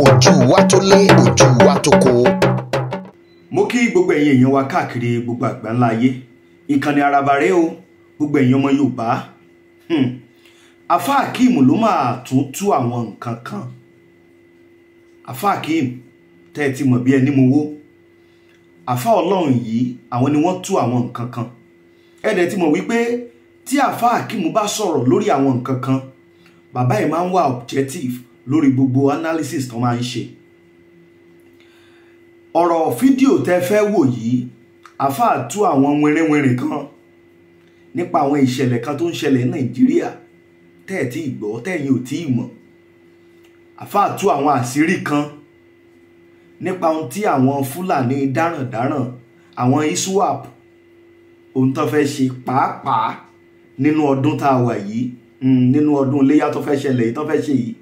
ojú wa tó lé ojú wa tó kó. mo kí gbogbo ẹ̀yin èèyàn wa káàkiri gbogbo àgbáńlá ayé ìkànnì Àràbà rèé o gbogbo ẹ̀yin ọmọ Yorùbá afa hmm. akeem ló máa tún tú àwọn nǹkan kan afa akeem tẹ́ ẹ ti mọ̀ bí ẹni mo wó àfa ọlọ́run yìí àwọn ni wọ́n tú àwọn nǹkan kan ẹ̀dẹ̀ ti mọ̀ wípé tí àfa akeem bá sọ̀rọ̀ lórí àwọn nǹkan kan bàbá ẹ̀ máa ń wà objective lórí gbogbo analysis tó máa ń ṣe ọ̀rọ̀ fídíò tẹ́ fẹ́ wò yìí àfáà tú àwọn wẹ̀rẹ̀wẹ̀rẹ̀ kan nípa àwọn ìṣẹ̀lẹ̀ kan tó ń ṣẹlẹ̀ nàìjíríà tẹ́ ẹ̀ tí ì gbọ́ tẹ́yìn ò tí ì mọ̀ àfáà tú àwọn àṣírí kan nípa ohun tí àwọn fúlàní dáràndáràn àwọn iswap ohun tó fẹ́ ṣe pàápàá nínú ọdún tá a wà yìí hmm, nínú ọdún iléyà tó fẹ́ ṣẹlẹ̀ yìí tó fẹ́ ṣe yìí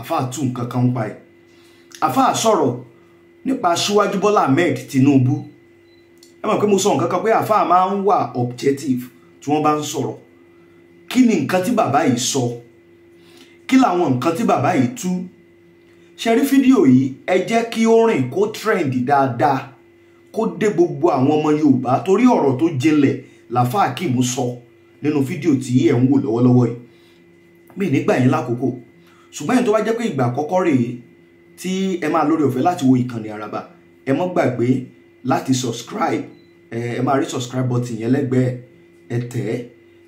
àfáà tún nǹkan kan ń pa ẹ̀ àfáà sọ̀rọ̀ nípa Aṣíwájú Bọ́lá Ahmed Tinubu ẹ mọ̀ pé mo sọ nǹkan kan pé àfáà máa ń wà objective tí wọ́n bá ń sọ̀rọ̀ kí ni nǹkan tí bàbá yìí sọ kí làwọn nǹkan tí bàbá yìí tú ṣe rí fídíò yìí ẹ jẹ́ kí ó rìn kó trend dáadáa kó dé gbogbo àwọn ọmọ Yorùbá torí ọ̀rọ̀ tó jinlẹ̀ làfáà kìmù sọ nínú fídíò tí ẹ̀ ń wò lọ́wọ́lọ́wọ́ yìí mi nígbà yẹn lákòókò ṣùgbọ́n ẹ̀yin tó bá jẹ́ pé ìgbà àkọ́kọ́ rèé tí ẹ máa lórí ọ̀fẹ́ láti wo ìkànnì àràbà ẹ mọ́ gbàgbé láti subscribe ẹ máa rí subscribe button yẹn lẹ́gbẹ̀ẹ́ ẹ tẹ̀ ẹ́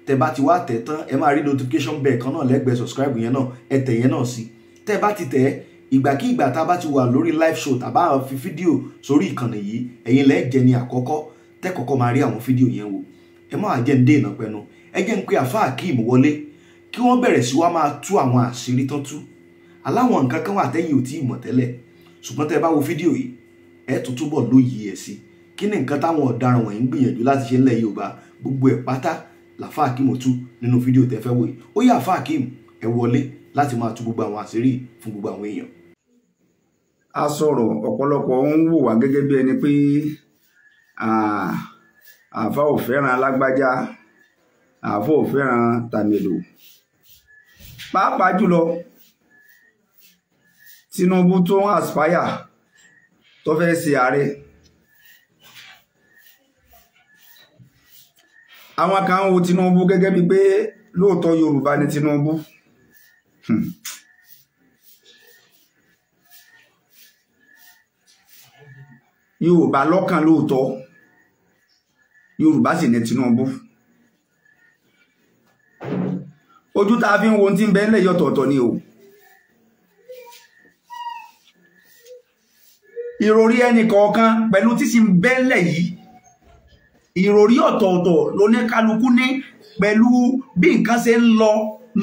tẹ bá ti wá tẹ̀ tán ẹ máa rí notification bell kan náà lẹ́gbẹ̀ẹ́ subscribe yẹn náà ẹ tẹ̀ yẹn náà sí tẹ bá ti tẹ̀ ìgbàkígbà tá a bá ti wà lórí live show tàbá fi fídíò sórí ìkànnì yìí ẹ̀yin lẹ́ẹ̀jẹ̀ ni àkọ́kọ́ tẹ́ kọ́kọ́ máa rí àwọn fídíò yẹn wò ẹ má wàá jẹ́ ń dé ìnà pẹ́nu ẹ jẹ́ ń pe àfáà kí ìmúwọlé kí wọ́n bẹ̀rẹ̀ sí wá máa tú àwọn àṣírí tó tú aláwọn nǹkan kan wà tẹ́yìn ò tí ì mọ̀ tẹ́lẹ̀ ṣùgbọ́n tẹ́ ẹ bá wo fídíò yìí ẹ tún túbọ̀ lóye ẹ̀ sí kí ni nǹkan táwọn ọ̀daràn wọ̀nyí ń gbìyànjú láti ṣe ńlẹ̀ Yorùbá gbogbo ẹ̀ pátá làfáà Akeem tú nínú fídíò tẹ́ fẹ́ wò yìí ó yá àfáà Akeem ẹ wọlé láti máa tú gbogbo àwọn àṣírí fún gbogbo àwọn èèyàn. a sọ̀rọ̀ ọ̀pọ̀lọpọ̀ ń wò wá gẹ́gẹ́ bí ẹni pé àfa ò fẹ́ràn alágbájá àfa ò fẹ́ràn tàmẹ̀lò pàápàá jùlọ Tinubu tó ń aspire tó fẹ́ ṣe ààrẹ àwọn kan wo Tinubu gẹ́gẹ́ bíi pé lóòótọ́ Yorùbá ni Tinubu hmm. Yorùbá lọ́kàn lóòótọ́ Yorùbá sì ni Tinubu. ojú tá a fi ń wo tí ń bẹ ńlẹ̀ yọ̀tọ̀ọ̀tọ̀ ni o ìròrí ẹnì kọ̀ọ̀kan pẹ̀lú tí sì ń bẹ ńlẹ̀ yìí ìròrí ọ̀tọ̀ọ̀tọ̀ lóníkálukú ní pẹ̀lú bí nǹkan ṣe ń lọ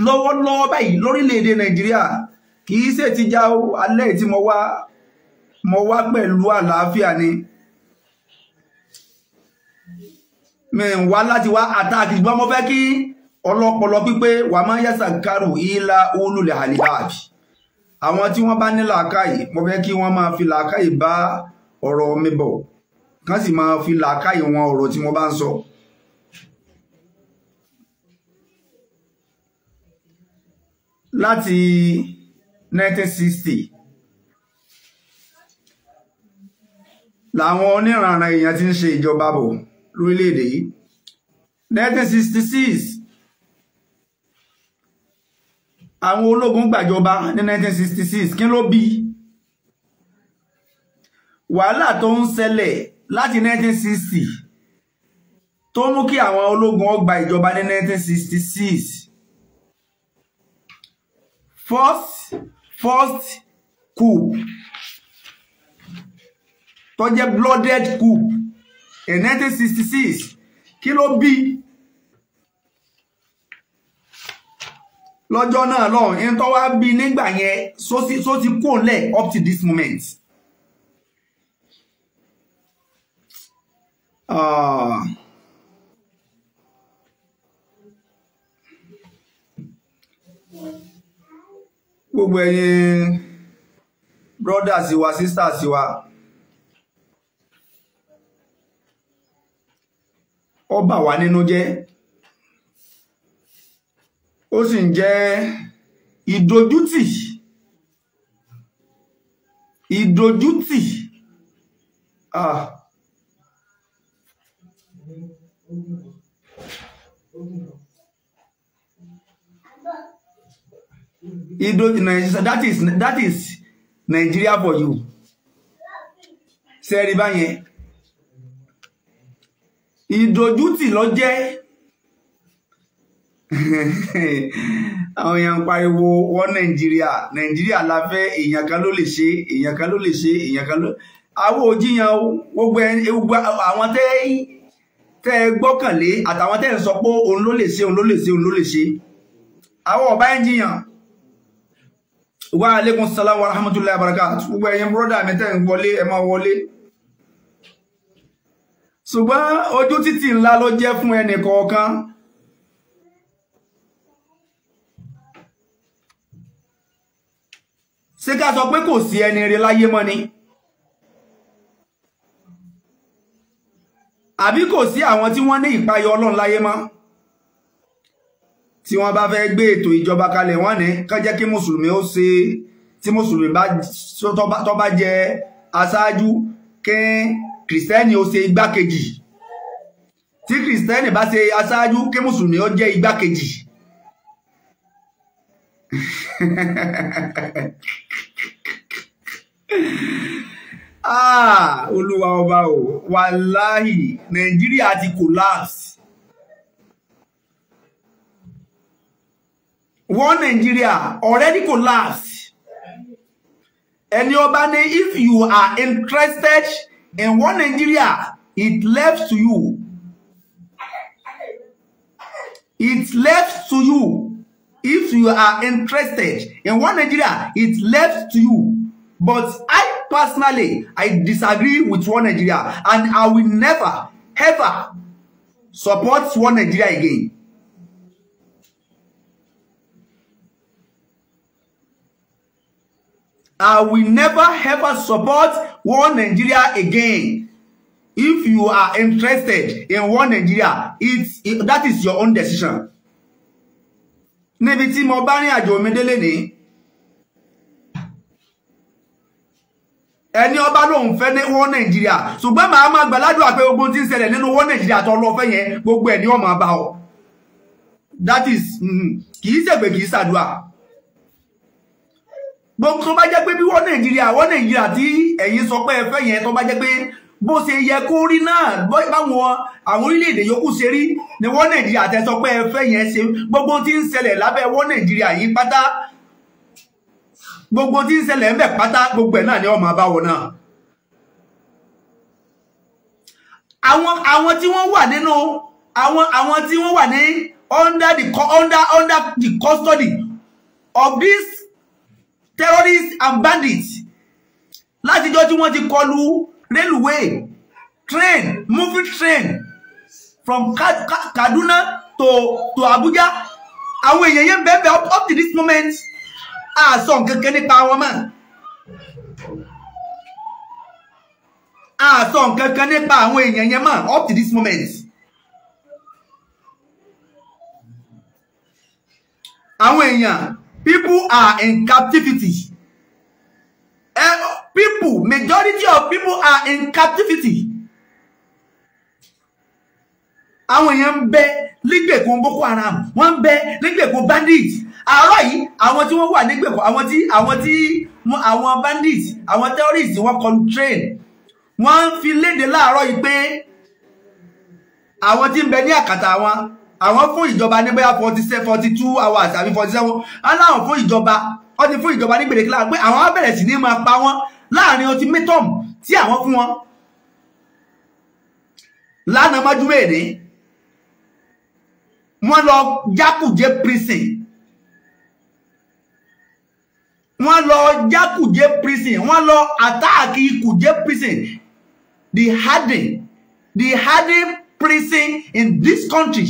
lọ́wọ́lọ́wọ́ báyìí lórílẹ̀‐èdè nàìjíríà kì í ṣe ti já alẹ́ tí mo wá mo wá pẹ̀lú àlàáfíà ni mi wá láti wá àtàkì ṣùgbọ́n mo fẹ́ kí ọlọ́pọlọ pípé wà máa yẹ́sà kárù ìlà olùlẹ̀ àlìbáàbì àwọn tí wọ́n bá ní làákàyè mo fẹ́ kí wọ́n máa fi làákàyè bá ọ̀rọ̀ mi bọ̀ kán sì máa fi làákàyè wọn ọ̀rọ̀ tí wọ́n bá ń sọ. láti 1960 làwọn oníranran èèyàn ti ń ṣe ìjọba bọ̀ lórílẹ̀ yìí 1966 àwọn ológun gbàjọba ní 1966 kí ló bí wàhálà tó ń ṣẹlẹ̀ láti 1960 tó mú kí àwọn ológun ọgbà ìjọba ní 1966 first first coup tó jẹ́ blooded coup in 1966 kí ló bí lọ́jọ́ náà lọ ẹni tó wá bí nígbà yẹn só ti kó lẹ̀ up to this moment. Uh, gbogbo ẹ̀yin brother sí wa sister sí wa ó bà wá nínú jẹ́ ó sì ń jẹ́ ìdójútì ìdójútì ah. Ido, that is that is Nigeria for you. Ṣé ẹ rí báyẹn? Ìdójútì ló jẹ́ àwọn èèyàn ń pariwo wọ nàìjíríà nàìjíríà la fẹ́ èèyàn kan ló lè ṣe èèyàn kan ló lè ṣe èèyàn kan ló àwọn òjìyàn gbogbo àwọn tẹ́ tẹ́ gbọ́kànlé àtàwọn tẹ́ ń sọ pé òun ló lè ṣe òun ló lè ṣe òun ló lè ṣe àwọn ọba ń jiyàn wa alaikum salam wa rahmatullahi wa barakatuh gbogbo ẹ̀yin brọ́dà mi tẹ́ ń wọlé ẹ máa wọlé ṣùgbọ́n ojú títì ńlá ló jẹ́ fún ẹnì kọ̀ọ̀kan ṣé ká sọ pé kò sí ẹni rere láyé mọ́ ni àbí kò sí àwọn tí wọ́n ní ìpayọ ọlọ́run láyé mọ́ tí wọ́n bá fẹ́ gbé ètò ìjọba kalẹ̀ wọ́n ní kán jẹ́ kí mùsùlùmí ó ṣe tí mùsùlùmí tó bá jẹ aṣáájú kí kìrìsìtẹ́nì ó ṣe igbákejì tí kìrìsìtẹ́nì bá ṣe aṣáájú kí mùsùlùmí ó jẹ́ igbákejì. ah olúwa ọba o wàláhì nàìjíríà ti collapse one nigeria already collapse And ọba ní if you are interested in one nigeria it left to you it left to you if you are interested in one Nigeria it's left to you but I personally I disagree with one Nigeria and I will never ever support one Nigeria again. I will never ever support one Nigeria again. If you are interested in one Nigeria, it's, it, that is your own decision níbi tí mo bá rìn àjò mi délé ní ẹni ọba lòun fẹ́ ní wọ́n nàìjíríà ṣùgbọ́n màá máa gbàládùn àpé ogun tí ń ṣẹlẹ̀ nínú wọ́n nàìjíríà tó lọ fẹ́ yẹn gbogbo ẹ̀ ní ọmọ bá ọ that is mm-hmm. kì í ṣègbè kì í ṣàdúrà gbogbo tó bá jẹ́ pé bí wọ́n nàìjíríà wọ́n nàìjíríà tí ẹ̀yin sọ pé ẹ fẹ́ yẹn tó bá jẹ́ pé bó ṣe yẹ kó rí náà báwọn àwọn orílẹ̀-èdè yòókù ṣe rí ni wọ́n nàìjíríà tẹ́sọ pé ẹ fẹ́ yẹn ṣe gbogbo tí ń ṣẹlẹ̀ lábẹ́ wọ́n nàìjíríà yìí pátá gbogbo tí ń ṣẹlẹ̀ ńbẹ̀ pátá gbogbo ẹ̀ náà ni ọmọ àbáwọ̀ náà. àwọn àwọn tí wọ́n wà nínú àwọn àwọn tí wọ́n wà ní under the under under the custody of these terrorists and bandits látijọ́ tí wọ́n ti kọlu railway, train, moving train from Kaduna to, to Abuja. Àwọn èèyàn yẹn bẹ́ẹ̀ bẹ́ẹ̀ up to this moment, a sọ nǹkan kan nípa wọn mọ́. A sọ nǹkan kan nípa àwọn èèyàn yẹn mọ́ up to this moment. Àwọn èèyàn people are in captivity. Eh, people majority of people are in captivity àwọn èèyàn ń bẹ nígbèkùn boko haram wọ́n ń bẹ nígbèkùn bandit àárọ̀ yìí àwọn tí wọ́n wà nígbèkùn àwọn tí àwọn tí àwọn bandit àwọn terrorist wọ́n kọlu train wọ́n fi léde láàárọ̀ yìí pé àwọn tí ń bẹ ní àkàtà àwọn àwọn fún ìjọba ní bóyá forty seven forty two hours àbí forty seven wọ́n láwọn fún ìjọba wọ́n ti fún ìjọba ní gbèdéke láàárọ̀ pé àwọn á bẹ̀rẹ̀ sí ní máa pa wọ́n láàrin ultimatum tí àwọn fún wọn lánàá májúmẹ́ẹ̀dẹ́ wọ́n lọ jákùjẹ́ prison wọ́n lọ jákùjẹ́ prison wọ́n lọ àtáàkì kùjẹ́ prison the hardened the hardened prison in this country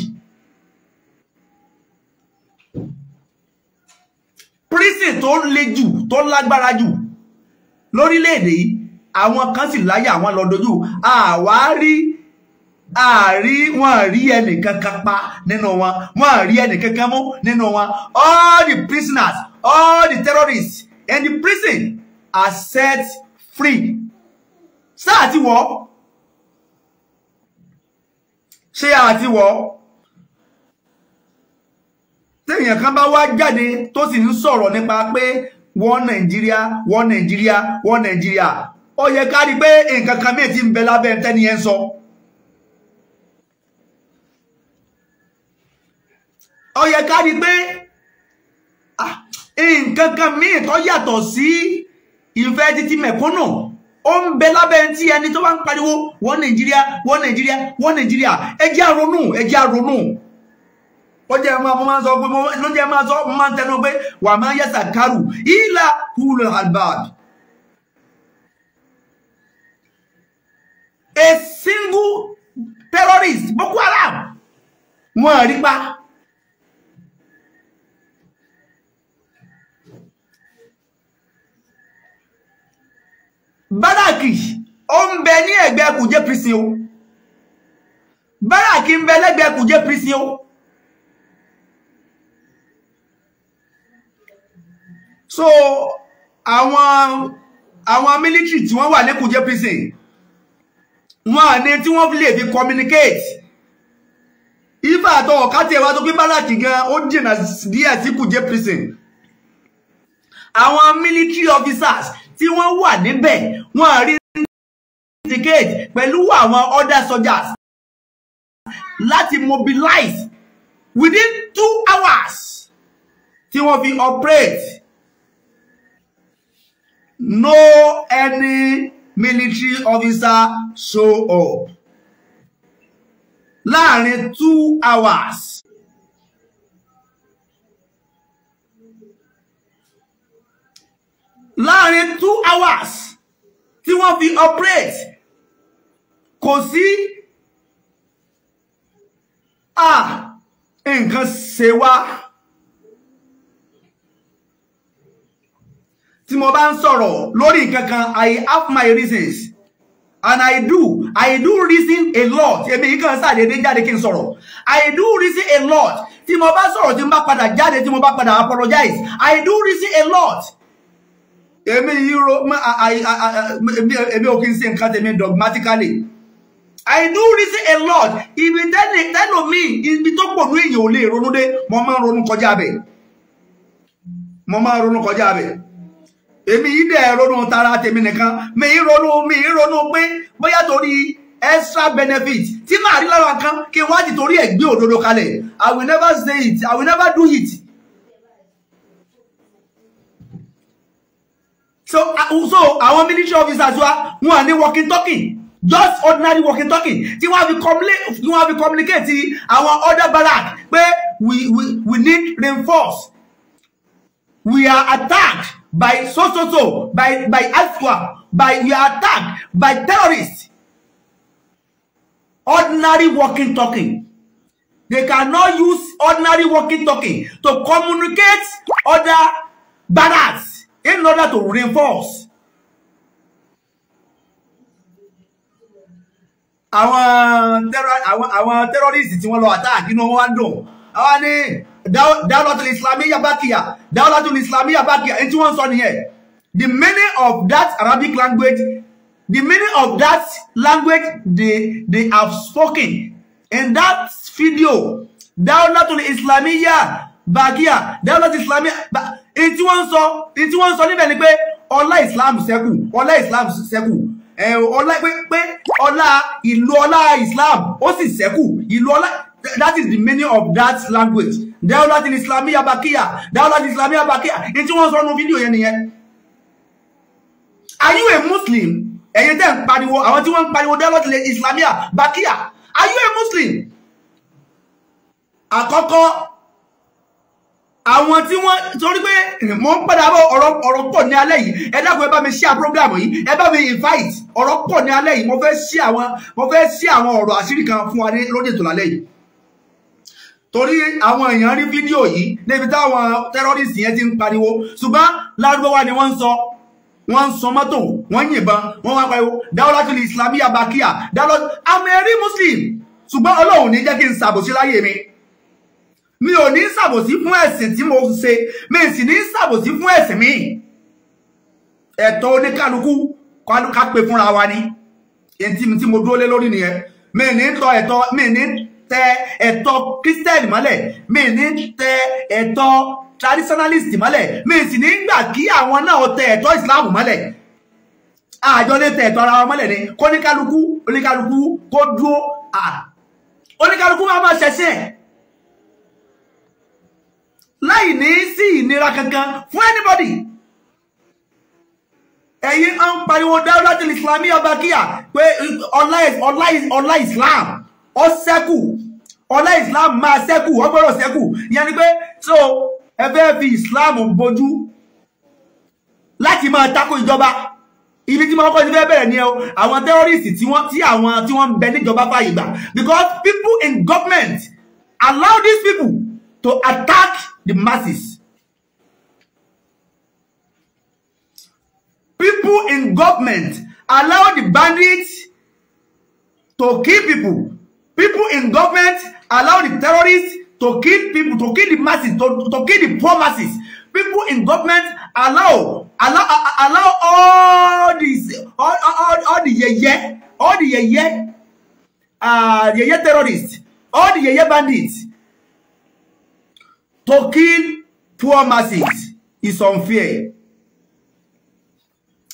prison tó le jù tó lágbára jù lórílẹ̀‐èdè yìí àwọn kan sì láyà àwọn lọ dojú àwárí àrí wọn rí ẹnìkan kan pa nínú wọn wọn rí ẹnìkan kan mú nínú wọn all the prisoners all the terrorists in the prison are set free sáà ti wọ́ ṣé àti wọ́ téèyàn kan bá wá jáde tó sì ń sọ̀rọ̀ nípa pé wọ́n nàìjíríà wọ́n nàìjíríà wọ́n nàìjíríà ó yẹ ká rí i pé nǹkan kan mìíràn ti ń bẹ lábẹ́ tẹ́ni ẹ̀ ń sọ. ó yẹ ká rí i pé ah, nǹkan kan mìíràn tó yàtọ̀ sí ìfẹ́ títí mẹ̀kúnnù ó ń bẹ lábẹ́ tí ẹni tó bá ń pariwo wọ́n nàìjíríà wọ́n nàìjíríà wọ́n nàìjíríà ẹ jẹ́ àronú ẹ jẹ́ àronú kọjá ẹ máa mo máa ń sọ pé mo ló máa sọ mo máa ń tẹnu pé wà máa ń yẹ̀sà ìlà húlù albab. a single terrorist Boko Haram wọn rí pa. báràkì ó ń bẹ ní ẹ̀gbẹ́ kùjẹ́ prison o báràkì ń bẹ lẹ́gbẹ̀ẹ́ kùjẹ́ prison o. so àwọn àwọn military tí wọ́n wà ní Kuje prison wọn à ní tí wọ́n lè fi communicate ifá àtọwọ̀ káti ẹ̀wá tó pé báràkì gan ó dènà díẹ̀ sí Kuje prison àwọn military officers tí wọ́n wà níbẹ̀ wọ́n rí communicate pẹ̀lú àwọn other soldiers láti mobilize within two hours tí wọ́n fi operate no any military officer show up láàrin two hours láàrin two hours tí wọ́n fi operate kò sí ah nǹkan ṣe wá. tí mo bá ń sọ̀rọ̀ lórí nǹkan i have my reasons and i do i do reason a lot èmi yìí kàn ṣàdédé jáde kí n sọ̀rọ̀ i do reason a lot tí mo bá sọ̀rọ̀ tí mo bá padà jáde tí mo bá padà apologize i do reason a lot èmi yìí ro èmi ò kí n ṣe nǹkan tèmi dogmatically i do reason a lot ibi tẹ́lòmíì ibi tó pọ̀ ní èèyàn ò lè ronú dé mo máa ń ronú kọjá bẹ̀ mo máa ń ronú kọjá bẹ̀ èmi yìí dẹ̀ ronú tara tèmi nìkan mi ì ronú mi ì ronú pé bóyá torí extra benefit tí màá rí lára kan kí n wá ti torí ẹ̀ gbé òdodo kalẹ̀ I will never say it I will never do it. so uh, so àwọn military officers wa wọn à ní walking talking just ordinary working, talking tí wọ́n á fi communicate tí wọ́n á fi communicate àwọn other barrack pé we we we need reinforce we are attacked by so so so by by aswa by your attack by terrorists ordinary walking talking they cannot use ordinary walking talking to communicate other barracks in order to reinforce àwọn terror àwọn àwọn terrorists tí wọ́n lọ attack inú wọn wá dùn àwọn ni dáwọ́látún islamiyya bákìyà dáwọ́látún islamiyya bákìyà ẹni tí wọ́n ń sọ nìyẹn the meaning of that Arabic language the meaning of that language they they have spoken in that video dáwọ́látún islamiyya bákìyà dáwọ́látún islamiyya ẹni tí wọ́n ń sọ ẹni tí wọ́n ń ni pé ọlá Islam ṣẹ́kù ọlá Islam ṣẹ́kù ọlá pé ọlá ìlú ọlá Islam ó sì ṣẹ́kù ìlú ọlá that is the meaning of that language daulat islami abakiya daulat islami abakiya ní tí wọ́n sọ nu fídíò yẹn nìyẹn are you a muslim ẹ̀yin tẹ́ ń pariwo àwọn tí wọ́n ń pariwo daulat islami abakiya are you a muslim àkọ́kọ́ àwọn tí wọ́n torí pé mo ń padà bọ̀ ọ̀rọ̀ ọ̀rọ̀ pọ̀ ní alẹ́ yìí ẹ dákun ẹ bá mi share program yìí ẹ bá mi invite ọ̀rọ̀ pọ̀ ní alẹ́ yìí mo fẹ́ share àwọn mo fẹ́ share àwọn ọ̀rọ̀ àṣírí kan fún wa lóde ètò lálẹ́ yìí torí àwọn èèyàn rí fídíò yìí níbi táwọn tẹ́rọ́rìsì yẹn ti ń pariwo ṣùgbọ́n lárúbáwá ni wọ́n ń sọ wọ́n ń sọ mọ́tò wọ́n yìnbọn wọ́n wá pariwo dáwọ́lájúlì islamiyah bakia dáwọ́lájú àmì ẹ̀rí muslim ṣùgbọ́n ọlọ́run ní jẹ́ kí n ṣàbòsí láyé mi mi ò ní ṣàbòsí fún ẹ̀sìn tí mo ṣe mi sì ní ṣàbòsí fún ẹ̀sìn mi ẹ̀tọ́ oníkálukú ká pé fúnra wa ni èyí tí mo dúró lé lórí nìyẹn mi ní tọ tẹ ẹ̀tọ́ kristẹni mọ́lẹ̀ mi ní tẹ ẹ̀tọ́ traditionalist mọ́lẹ̀ mi sì ní gbà kí àwọn náà tẹ ẹ̀tọ́ islam mọ́lẹ̀ àjọ lè tẹ ẹ̀tọ́ ara wọn mọ́lẹ̀ ni kóníkálukú oníkálukú kó dúró oníkálukú máa máa ṣẹ̀ṣẹ̀ láì ní sí ìnira kankan fún anybody ẹ̀yin ń pariwo dáúdá tẹ̀lé islamí ọba kíyà pé ọlá islam ọ ṣẹ́kù ọlá islam máa ṣẹ́kù ọ gbọ́dọ̀ ṣẹ́kù ìyẹn ni pé so ẹ fẹ́ fi islam bojú láti máa tako ìjọba ibi tí wọ́n kọ́ ti fẹ́ bẹ̀rẹ̀ ni o àwọn terrorists tí wọ́n tí àwọn tí wọ́n ń bẹ níjọba fàyè gbà because people in government allow these people to attack the masses. People in government allow the bandits to kill people people in government allow the terrorists to kill people to kill the masses to, to kill the poor masses people in government allow allow allow all these all all, all the yeye all the yeye uh, yeye terrorists all the yeye bandits to kill poor masses is unfair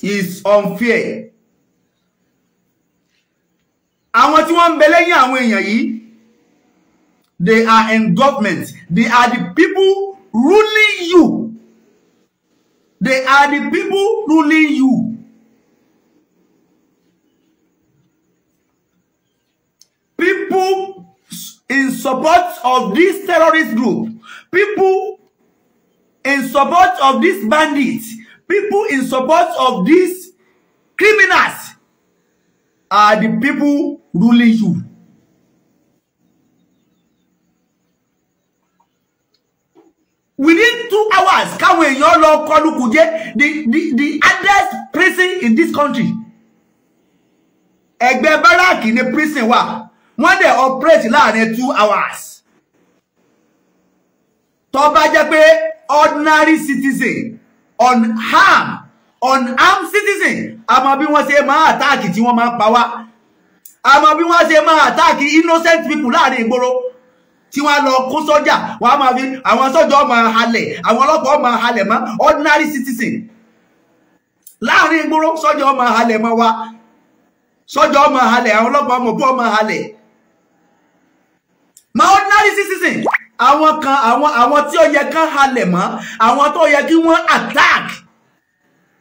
is unfair àwọn tí wọ́n ń bẹ lẹ́yìn àwọn èèyàn yìí they are in government they are the people ruling you they are the people ruling you. people in support of this terrorist group people in support of this bandits people in support of these criminals are the people ruling you within two hours káwọn èèyàn lọ kọlù Kuje the the the hardest prison in this country ẹ̀gbẹ́ in ni prison wà when they operate in two hours tó bá jẹ́ pé ordinary citizen on armed citizen àmọ́ bí wọ́n say máa attack it you want pa power. a bí wọ́n ṣe máa àtàkì innocent people láàrin ìgboro tí wọ́n lọ kó sọ́jà wọ́n á máa fi àwọn sọ́jà ọmọ halẹ̀ àwọn ọlọ́pàá ọmọ halẹ̀ mọ́ ordinary citizen láàrin ìgboro sọ́jà ọmọ halẹ̀ mọ́ wa sọ́jà ọmọ halẹ̀ àwọn ọlọ́pàá ọmọ bọ́ ọmọ halẹ̀ mọ́ ordinary citizen àwọn kan àwọn àwọn tí ó yẹ ká halẹ̀ mọ́ àwọn tó yẹ kí wọ́n attack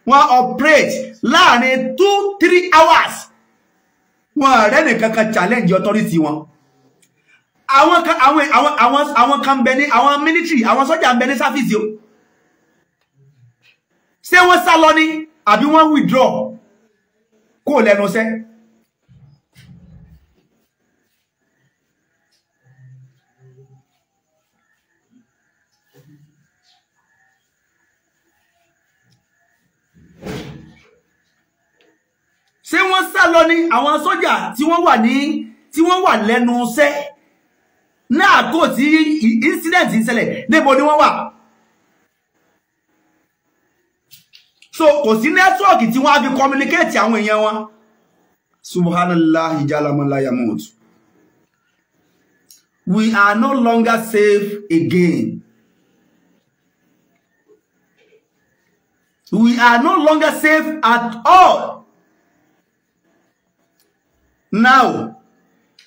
wọ́n operate láàrin two three hours wọn ọ̀rẹ́ nìkan kan challenge authority wọn àwọn kan àwọn àwọn àwọn àwọn kan bẹ ní àwọn military àwọn sọ́jà ń bẹ ní sáfíìsì o ṣé wọ́n sá lọ ní àbí wọ́n withdraw kó lẹ́nu sẹ́ ṣé wọ́n sá lọ ní àwọn sọ́jà tí wọ́n wà ní tí wọ́n wà lẹ́nu iṣẹ́ náà kò tí incident ń ṣẹlẹ̀ níbo ni wọ́n wà so kò sí nẹ́tíwọ̀kì tí wọ́n á fi communicate àwọn èèyàn wọn subhanallah ijalamolayamut we are no longer safe again we are no longer safe at all now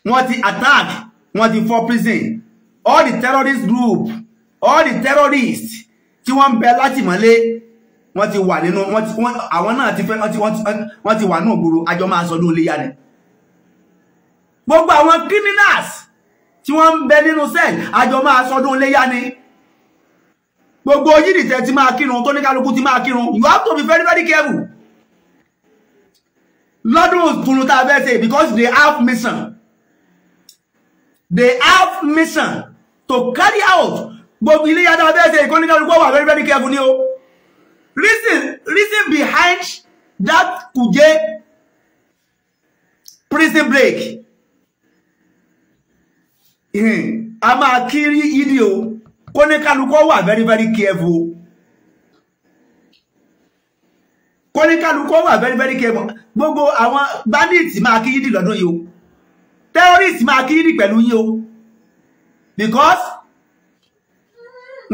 wọ́n ti attack wọ́n ti for prison all the terrorist group all the terrorists tí wọ́n ń bẹ látìmọ́lé wọ́n ti wà nínú àwọn náà ti fẹ́ wọ́n ti wà nínú ògbòrò àjọ máa sọdún iléyà ni gbogbo àwọn criminals tí wọ́n ń bẹ nínú cell àjọ máa sọdún iléyà ni gbogbo yìí nìtẹ́ ti máa kírun tó ní kálukú ti máa kírun you have to be very very careful lọ́dún tuntun tá a fẹ́ ṣe because they have mission they have mission to carry out gbogbo ilé yàtọ̀ abẹ́ ṣe ìkọ́nìkàlùkọ́ wà very very careful ni o reason reason behind that Kuje prison break hmm, a máa kiri ìdí o kọ́nìkàlùkọ́ wà very very careful. kóníkálukú wà very very careful gbogbo àwọn bandits máa kí yídì lọ́dún yìí o terrorists máa kí yídì pẹ̀lú yín o because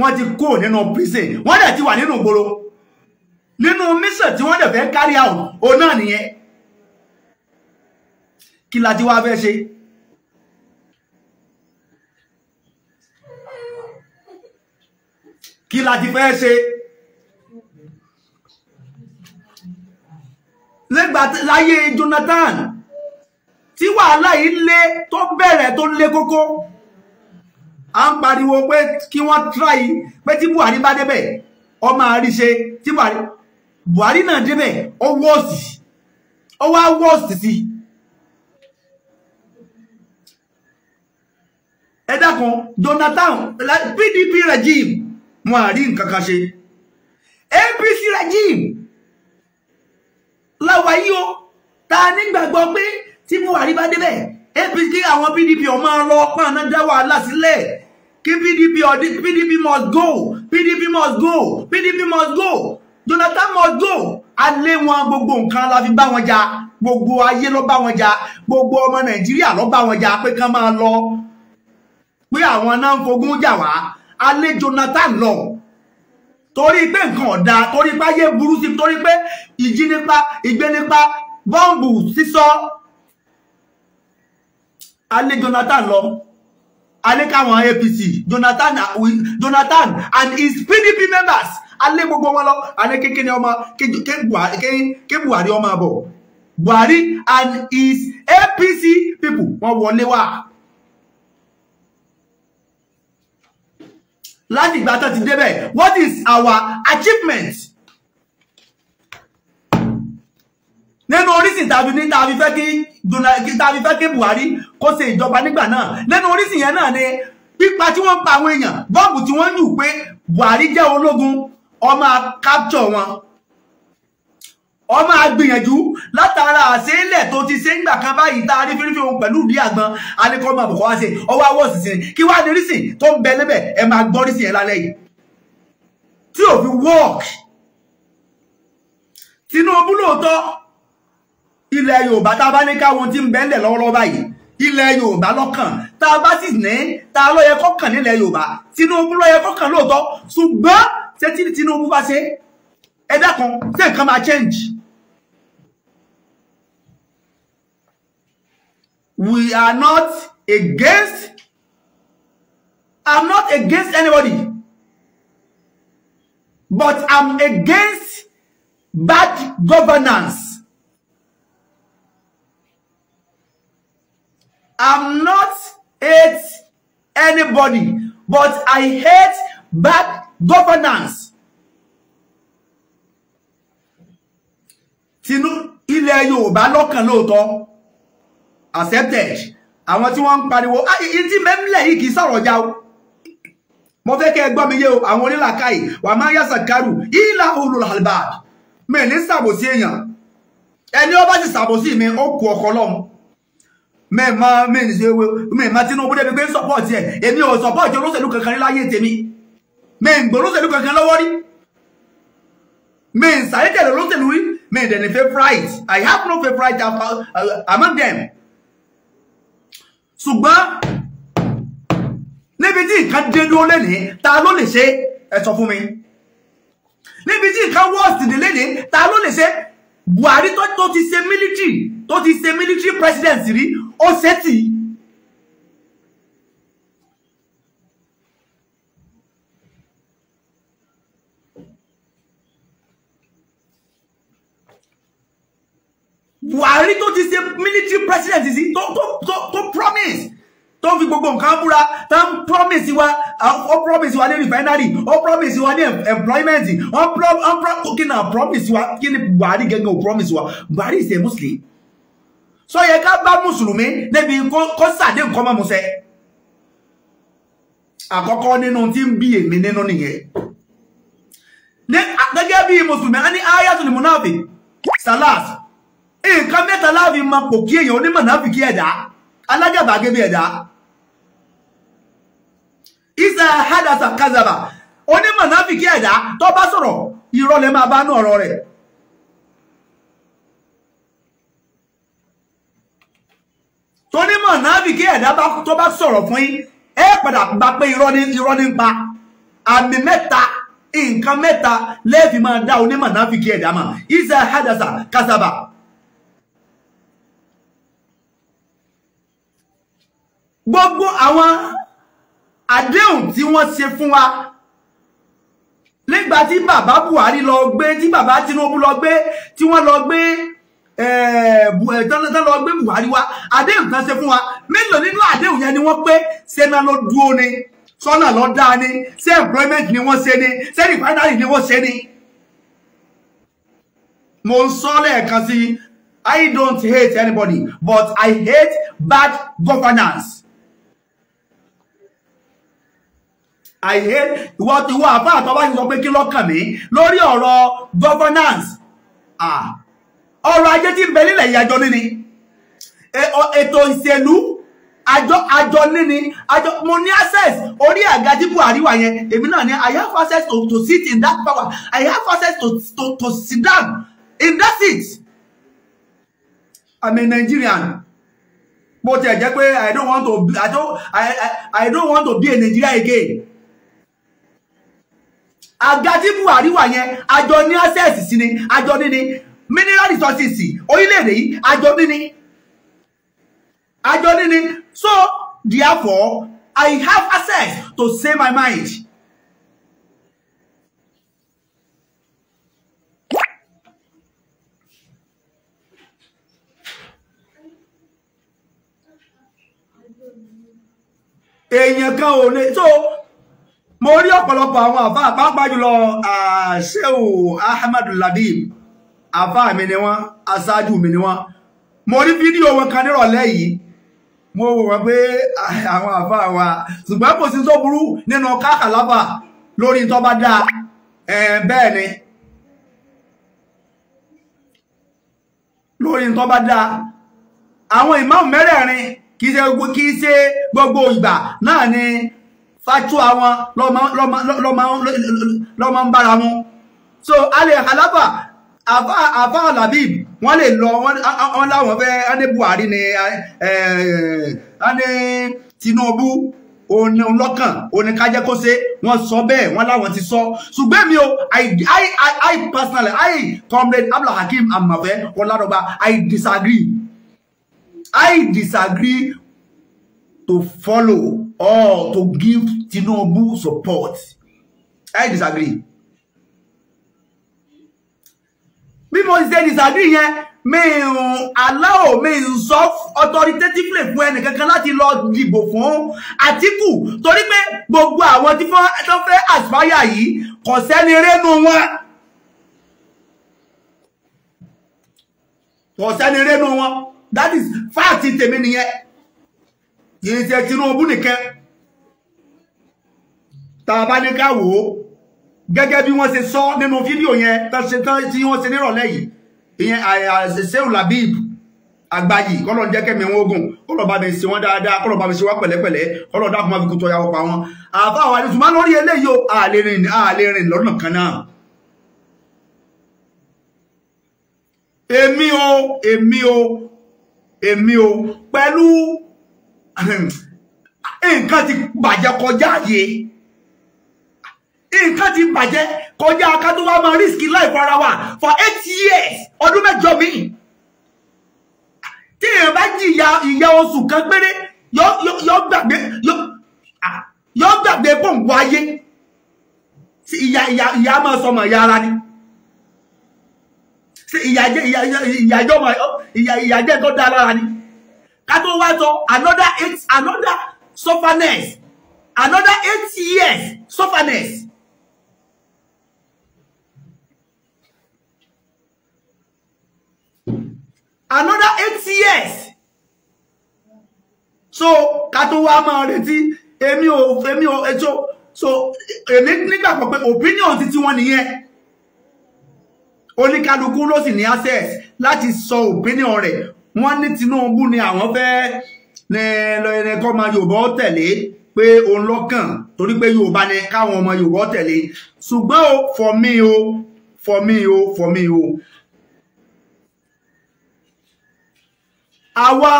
wọ́n ti kó nínú prison wọ́n dẹ̀ ti wà nínú ìgboro nínú mission tí wọ́n dẹ̀ fẹ́ carry out òun náà nìyẹn kí la ti wá fẹ́ ṣe. kí la ti fẹ́ ṣe. lẹ́gbàá láyé Jonathan tí wàhálà yìí lé tó bẹ̀rẹ̀ tó lé kókó à ń pariwo pé kí wọ́n try pé tí Buhari bá débẹ̀ ọ máa rí ṣe tí Buhari Buhari náà débẹ̀ ó wọ́ọ̀sì ó wá wọ́ọ̀sì sí i. ẹ dákun Jonathan PDP regime wọn à rí nǹkan kan ṣe APC regime láwa yìí o ta nígbàgbọ́ pé tí Buhari bá débẹ̀ APC àwọn PDP ọmọ lọ pọ́n náà dá wàhálà sílẹ̀ kí PDP ọdí PDP must go PDP must go PDP must go Jonathan must go alé wọn gbogbo nǹkan la fi bá wọn jà gbogbo ayé ló bá wọn jà gbogbo ọmọ Nàìjíríà ló bá wọn jà pé kán máa lọ pé àwọn náà ń fogún jà wá alé Jonathan lọ torí pé nǹkan ọ̀dà torí pé ayé burú sí torí pé ìjí nípa ìgbé nípa bọ́ǹbù sísọ alẹ́ Jonathan lọ alẹ́ káwọn APC Jonathan Jonathan and his PDP members alẹ́ gbogbo wọn lọ alẹ́ kékeré ọmọ ké Buhari ọmọ àbọ̀ Buhari and his APC people wọ́n wọlé wá. láti ìgbà tó ti débẹ̀ what is our achievement nínú orísìn tàbí ní tàbí fẹ́ kí tàbí fẹ́ kí Buhari kó ṣe ìjọba nígbà náà nínú orísìn yẹn náà ni pípa tí wọ́n pa àwọn èèyàn bọ́ọ̀bù tí wọ́n lù pé Buhari jẹ́ ológun ó máa capture wọn ọ máa gbìyànjú látara àṣeélẹ̀ tó ti ṣe ń gbà kan báyìí tá a rí fírífírí ohun pẹ̀lú ìdí àgbọn alẹ́kọ́ máa bọ̀kọ́ wá sí ọwọ́ awọ́ òsìsìn kí wàá ní rísìn tó ń bẹ lébẹ̀ ẹ máa gbọ́ rísìn ẹ lálẹ́ yìí tí ò fi work Tinubu lóòótọ́ ilẹ̀ Yorùbá tá a bá ní káwọn tí ń bẹ ńlẹ̀ lọ́wọ́lọ́wọ́ báyìí ilẹ̀ Yorùbá lọ́kàn tá a bá sì ní tá a lọ́yẹ kọ́kàn nílẹ̀ Yorùbá Tinubu lọ́yẹ kọ́kàn we are not against I'm not against anybody but I'm against bad governance I'm not hate anybody but I hate bad governance tinu ilẹ̀ Yorùbá lọ́kàn lóòótọ́ accepted àwọn tí wọ́n ń pariwo ìtì ah, mẹ́mílẹ̀ yìí kì í sọ̀rọ̀ já o mo fẹ́ kẹ́ ẹ gbọ́ mi yé o àwọn onílàkàyè wà máa yàsà kárù ìlà ulul albab mi ní ṣàbòsí èèyàn ẹni ó bá ti ṣàbòsí mi ó kù ọkọ lọ́hùn mi ma mi ní ṣe wo mi ma Tinubu débi pé ń sọpọ́ọ̀tì ẹ̀ èmi ò sọpọ́ọ̀tì olóṣèlú kankan láyé tèmi mi ń gbọ́ olóṣèlú kankan lọ́wọ́ rí mi ń sàyẹ́tẹ̀lẹ̀ olóṣèlú rí mi ń dẹ̀ ní favourite I have no favourite among them ṣùgbọ́n níbi tí nǹkan dé dúró lẹ́nìí ta ló lè ṣe ẹ sọ fún mi níbi tí nǹkan wọ́ọ̀sì dé lẹ́nìí ta ló lè ṣe Buhari tó ti ṣe military tó ti ṣe military president rí ó ṣe tì Buhari military president sí tó tó tó promise tó fi gbogbo nǹkan búra tó ń promise wa ó promise wa ní refinery ó promise wa ní employment ó pro kí náà promise wa kí ni Buhari gẹ́gẹ́ ó promise wa Buhari is a Muslim sọ yẹ ká bá mùsùlùmí débi kó sàdé nǹkan mọ́ musẹ́ àkọ́kọ́ nínú tí ń bí èmi nínú nìyẹn ní gẹ́gẹ́ bí mùsùlùmí a ní ayatul munafi salas nǹkan mẹ́ta láàfin ma pò kí èèyàn onímọ̀ náà fi kí ẹ̀dá alájàbàgébé ẹ̀dá isa hadasa kazaba onímọ̀ náà fi kí ẹ̀dá tó bá sọ̀rọ̀ irọ́ lè máa bá ní ọ̀rọ̀ rẹ̀ tonímọ̀ náà fi kí ẹ̀dá tó bá sọ̀rọ̀ fún yín ẹ padà gba pé irọ́ ní irọ́ ní pa àmì mẹ́ta nǹkan mẹ́ta lẹ́ẹ̀fì máa dá isa hadasa kazaba. gbogbo àwọn àdéhùn tí wọ́n ṣe fún wa nígbà tí bàbá Buhari lọ gbé tí bàbá Tinubu lọ gbé tí wọ́n lọ gbé eh, eh, tán lọ gbé Buhari wa àdéhùn tán ṣe fún wa mélòó nínú àdéhùn yẹn ni wọ́n pé ṣe náà ló ni sọ́nà lọ dáa ni ṣé employment ni wọ́n ṣe ni ṣé refinery ni wọ́n ṣe ni mo ń sọ lẹ́ẹ̀kan sí I don't hate anybody but I hate bad governance I àìhé ìwọ ti wọ àbá àtọwá yìí sọ pé kí lọ́kàn mi lórí ọ̀rọ̀ governance ọrọ̀ ajé tí ń bẹ nílẹ̀ yìí àjọ níní e, ètò ìṣèlú àjọ àjọ níní àjọ mo ní access orí àga tí Buhari wà yẹn èmi náà ni I have access to, to sit in that power I have access to, to, to sit down in that seat I'm a Nigerian bó tiẹ̀ jẹ́ pé I don't want to I don't I I I don't want to be a Nigerian again àga tí Buhari wà yẹn àjọ ní access sí ni àjọ níní mineral resources orílẹ̀-èdè yìí àjọ níní àjọ níní so therefore I have access to say my mind. èèyàn kan ò lè so mo rí ọ̀pọ̀lọpọ̀ àwọn àbá pàápàá jùlọ Shehu ahmadu Ladeeb àbá mi ni wọ́n aṣáájú mi ni wọ́n mo rí fídíò wọn kan nírọ̀lẹ́ yìí mo wò wọ́n pé àwọn àbá wa ṣùgbọ́n kò sí tó burú nínú kákàlábà lórí tó bá dáa bẹ́ẹ̀ ni lórí tó dáa àwọn ìmáàmù mẹ́rẹ̀ẹ̀rin kì í ṣe gbogbo ìgbà náà ni fatu àwọn lọ́mọ ń bára mu so alẹ́ halaba àfà àfà labib wọ́n lè lọ wọ́n láwọn fẹ́ ẹni buhari ni ẹni tinubu òní lọ́kàn òní kájẹ́ kó ṣe wọ́n sọ bẹ́ẹ̀ wọ́n láwọn ti sọ ṣùgbọ́n mi o i i i personally i Hakim abdulhakeem amafe ọlárọba i disagree i disagree to follow or to give Tinubu support. I disagree. Bí mo disagree yeah. mi ń allow me ń sọ authoritatively fún ẹnìkankan láti lọ dìbò fún Àtíkù torí pé gbogbo àwọn tí wọ́n as aspire yìí kò sẹ́ni one. Concerning Kò sẹ́ni rénu That is fact tèmi nìyẹn kì í ṣe Tinubu nìkan tá a bá ní ká wò ó gẹ́gẹ́ bí wọ́n ṣe sọ nínú fídíò yẹn tí wọ́n ṣe nírọ̀lẹ́ yìí ìyẹn àṣẹṣẹ́rù eh, eh, labib àgbáyì kọ́lọ̀ jẹ́ kẹ́mi wọn ogun kọ́lọ̀ bá mi ṣe wọ́n dáadáa kọ́lọ̀ bá mi ṣe wá pẹ̀lẹ́pẹ̀lẹ́ kọ́lọ̀ dákun máa fi kú y'a pa wọn àbá àwọn àdìsùn máa lórí eléyìí o àlè rìn àlè rìn lọ́nà kan náà èmi o èmi o èmi o pẹ̀lú nǹkan ti bàjẹ́ kọjá àyè nǹkan ti bàjẹ́ kọjá akátó wa máa risk life ara wa for eight years ọdún mẹ́jọ mi tí èèyàn bá jìyà ìyà oṣù kan péré yọ gbàgbé yọ gbàgbé pọ̀npọ̀ ayé ìyà ìyà ìyà máa sọmọ ìyà ara ni ìyà jẹ́ ìyà ìyà ìyà ìyà ìyà jẹ́ tó dá lára ni ká wá tọ another eight another sufferness another eight years sufferness. another eight years so ká tó wá máa retí èmi ò èmi ò ètò so èmi nígbàgbọ́ pé opinion ti tiwọn nìyẹn oníkálukú ló sì ní access láti sọ opinion rẹ̀ wọ́n ní Tinubu ni àwọn fẹ́ kọ́ ọmọ Yorùbá ó tẹ̀lé pé òun lọ́kàn torí pé Yorùbá ni káwọn ọmọ Yorùbá tẹ̀lé ṣùgbọ́n o for me o for me o for me o àwa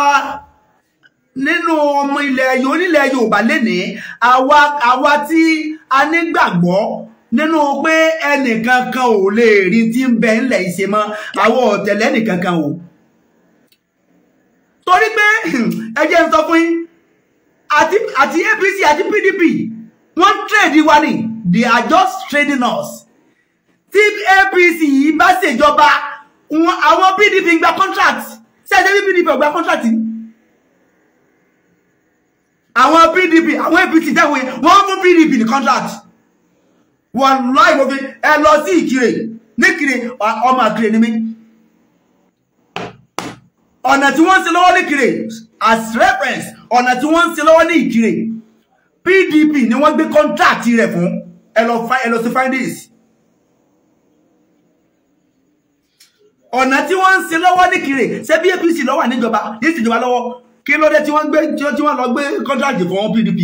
nínú ọmọ ilẹ̀ onílẹ̀ Yorùbá lénìí àwa àwa tí a nígbàgbọ́ nínú pé ẹnìkankan ò lè rí tí ń bẹ ńlẹ̀ ìṣe mọ́ àwọn ọ̀tẹ̀lẹ́nìkankan o torí pé ẹ jẹ́ n sọ fún yín àti àti APC àti PDP wọ́n trade wa ni they are just trading us tí APC yìí bá ṣèjọba àwọn PDP gba contract ṣé ẹ bí PDP ò gba contract ni àwọn PDP àwọn APC jẹ́wọ́ wọ́n fún PDP ní contract wọ́n láì wọ́n fi ẹ lọ sí Ìkirè ní Ìkirè ọmọ Ìkirè ni mí ọ̀nà tí wọ́n ń ṣe lọ́wọ́ ní Ìkirè as reference ọ̀nà tí wọ́n ń ṣe lọ́wọ́ ní Ìkirè PDP ni wọ́n gbé contract rẹ̀ fún ẹ lọ sí findings ọ̀nà tí wọ́n ń ṣe lọ́wọ́ ní Ìkirè ṣé bí APC ló wà níjọba yìí ṣèjọba lọ́wọ́ kí ló tí wọ́n gbé tí wọ́n lọ gbé contract fún PDP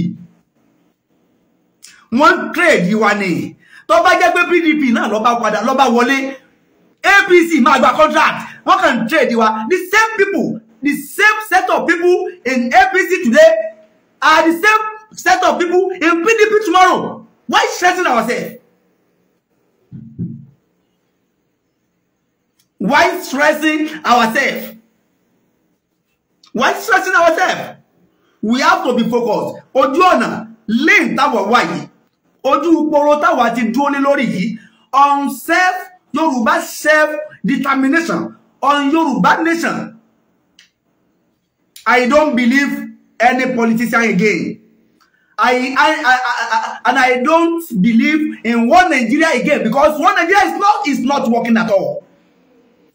wọ́n trade yìí wà ní tó bá jẹ́ pé PDP náà ló bá padà ló bá wọlé APC máa gba contract wọ́n kàn trade wa the same people the same set of people in APC today are the same set of people in PDP tomorrow why stressing ourselves why stressing ourselves why stressing ourselves we have to be focused ojú ọ̀nà lẹ́yìn táwọn wà yìí ojú poro táwa ti dúró lé lórí yìí on self Yorùbá self determination on Yoruba nation. I don't believe any politician again. I, I, I, I, and I don't believe in one Nigeria again because one Nigeria is not, is not working at all.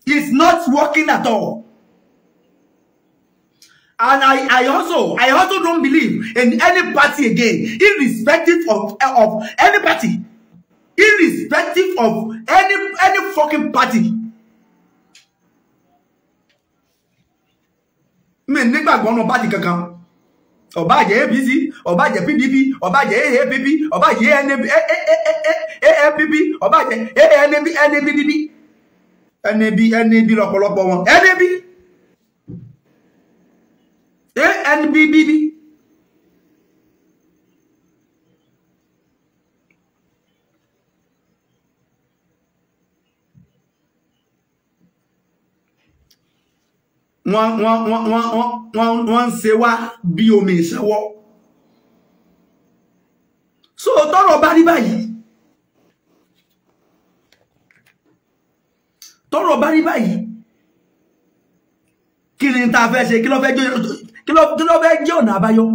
It's not working at all. And I, I also, I also don't believe in any party again, irrespective of, of any party, irrespective of any, any fucking party. mi nígbàgbọ́ ọ̀nà bájì kankan ọba jẹ APC ọba jẹ PDP ọba jẹ AAPP ọba jẹ ANPP ọba jẹ ANB NABDB NAB NAB lọ́pọ̀lọpọ̀ wọn NAB ANBDB. wọ́n wọ́n wọ́n wọ́n wọ́n wọ́n ń ṣe wá bí omi ìṣẹ́wọ́ so tọ́rọ̀ bá rí báyìí tọ́rọ̀ bá rí báyìí kí ni ta fẹ́ ṣe kí ló fẹ́ jẹ́ ọ̀nà àbáyọ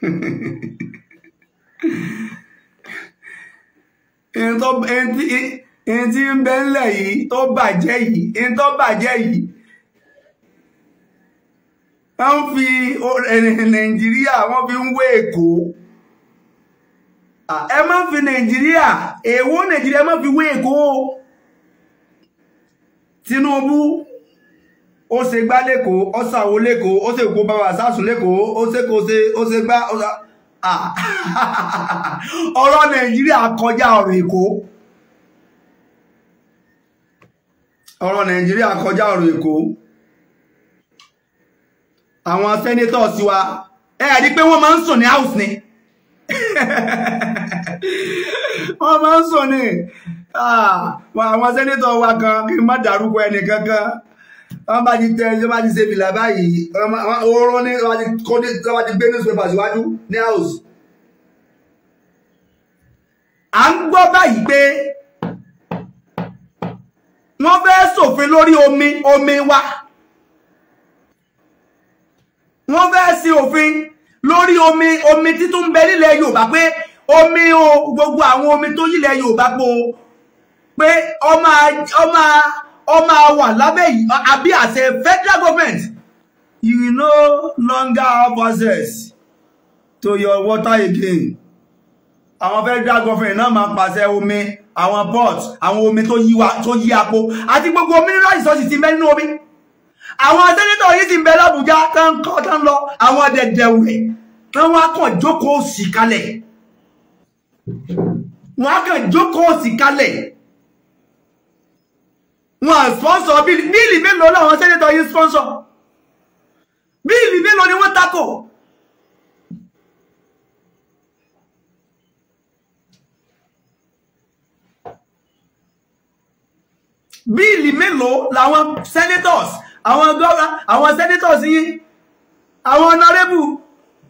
Hehehehe ẹni tí ń bẹ ńlẹ̀ yìí tó bàjẹ́ yìí ẹni tó bàjẹ́ yìí wọ́n fi nàìjíríà wọ́n fi ń wé èkó ẹ má fi nàìjíríà èwo nàìjíríà ẹ má fi wé èkó Tinubu ó se gbá lẹ́kọ̀ọ́ ó ṣàwó lẹ́kọ̀ọ́ ó ṣe kó bá wà sásùn lẹ́kọ̀ọ́ ó ṣe ó ṣe ó ṣàwó. Ah. ọ̀rọ̀ nàìjíríà kọjá ọ̀rọ̀ èkó ọ̀rọ̀ nàìjíríà kọjá ọ̀rọ̀ èkó àwọn senators wa ẹ rí pé wọ́n máa ń sùn ní house ni wọ́n máa ń sùn ní ah, àwọn senator wa kan kí n má ẹnì kankan wọ́n bá ti tẹ wọ́n bá ti ṣe bìlà báyìí oorun ní wọ́n bá ti kọ́dé wọ́n bá ti gbé newspaper síwájú ní house. à ń gbọ́ báyìí pé wọ́n fẹ́ ṣòfin lórí omi omi wa wọ́n fẹ́ ṣe òfin lórí omi omi títún bẹ nílẹ̀ Yorùbá pé omi o gbogbo àwọn omi tó yílẹ̀ Yorùbá po pé ọmọ ọmọ ó máa wà lábẹ́ àbí àṣẹ federal government you no longer have access to your water again àwọn federal government náà máa pàṣẹ omi àwọn port àwọn omi tó yí apò àti gbogbo mineral resources ti mẹ́rin nínú omi àwọn sẹ́nítọ̀ yìí ti ń bẹ lábùjá tán kọ́ tán lọ àwọn dẹ̀dẹ̀wẹ̀ tán wá kàn jókòó sí kalẹ̀ wọ́n á kàn jókòó sí kalẹ̀ wọn à sponsor bíìlì bíìlì mélòó làwọn sẹ́nẹ́tọ̀ yìí sponsor bíìlì mélòó ni wọ́n takò. bíìlì mélòó làwọn senators àwọn gọ́ra àwọn senators yìí àwọn honorable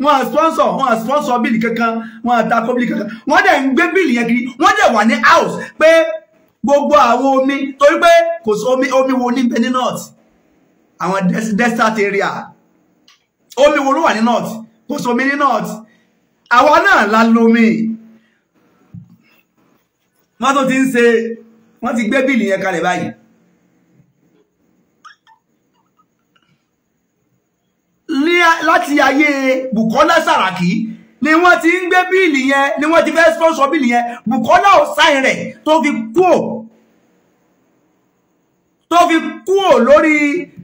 wọn à sponsor wọn à sponsor bíìlì kankan wọn à takò bíìlì kankan wọn dẹ̀ ń gbé bíìlì yẹn kiri wọn dẹ̀ wà ní house pé gbogbo àwọn omi torí pé kò sí omi omi wo níbẹ̀ ní north àwọn desert area omi wo ló wà ní north kò sí omi ní north àwa náà la lomi wọ́n tó ti ń ṣe wọ́n ti gbé bíìlì yẹn kalẹ̀ báyìí láti ayé Bukola Saraki ni wọ́n ti ń gbé bíìlì yẹn ni wọ́n ti fẹ́ sponsor bíìlì yẹn Bukola ò sáìn rẹ̀ tó fi kúò tó fi kúrò lórí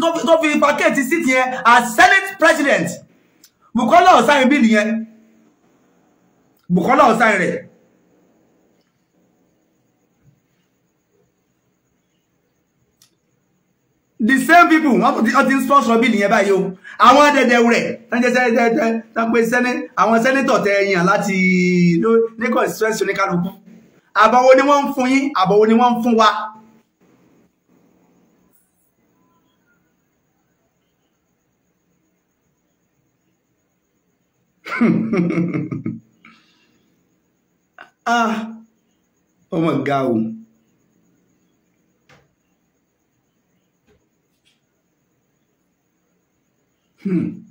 tó fi pàkẹ́ẹ̀tì sí ti yẹn as senate president Bukola ọ̀sáyìn bíìlì yẹn Bukola ọ̀sáyìn rẹ̀. the same people wọ́n ti ọtí ń sponsor bíìlì yẹn báyìí o àwọn adẹ́dẹ́ rẹ̀ tẹ́jẹ́ sẹ́dẹ́dẹ́ tẹ́pẹ́ sẹ́ni àwọn sẹ́nítọ̀ tẹ ẹ̀yàn láti ní constituency oníkálukú àbọ̀wò ni wọ́n ń fún yín àbọ̀wò ni wọ́n ń fún wa. ah ọmọ ga o hmm.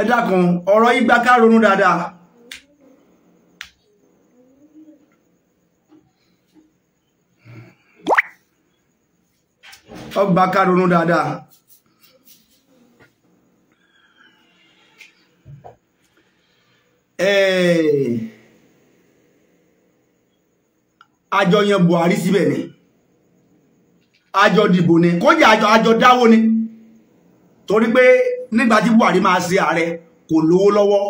ẹ dákun ọ̀rọ̀ yìí gbà ká ronú dáadáa ọgbà ká ronú dáadáa àjọ eh. yan Buhari síbẹ̀ ni àjọ dìbò ni kójà àjọ àjọ dáwó ni torí pé nígbàtí Buhari máa ṣe ààrẹ kò lówó lọ́wọ́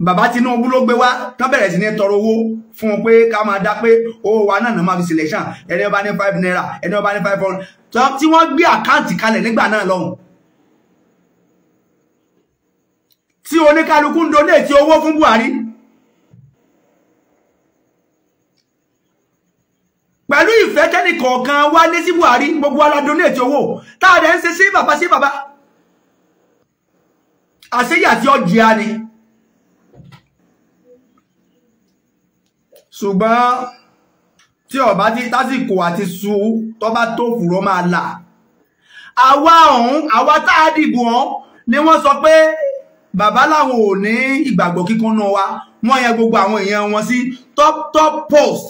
bàbá Tinubu ló gbé wá tán bẹ̀rẹ̀ sí ní tọrọ owó fún un pé ká máa dá pé owó wa náà náà máa fi selection ẹni ọba ní five naira ẹni ọba ní five hundred tí wọ́n gbé àkáǹtì kalẹ̀ nígbà náà lọ́hùn tí oníkálukú ń donate owó fún Buhari pẹ̀lú ìfẹ́ tẹ́nì kọ̀ọ̀kan wá ní sí Buhari gbogbo ala donate owó táà dẹ̀ ń ṣe sí bàbá sí bàbá àṣeyà tí ni. ṣùgbọ́n tí ọba ti tásìkò àti su tọ́ba tó fùrọ́ máa là àwa ọ̀hún àwa tá a dìbò ọ̀hún ni wọ́n sọ pé bàbá làwọn ò ní ìgbàgbọ́ kíkún náà wa wọ́n yẹ gbogbo àwọn èèyàn wọn sí top top post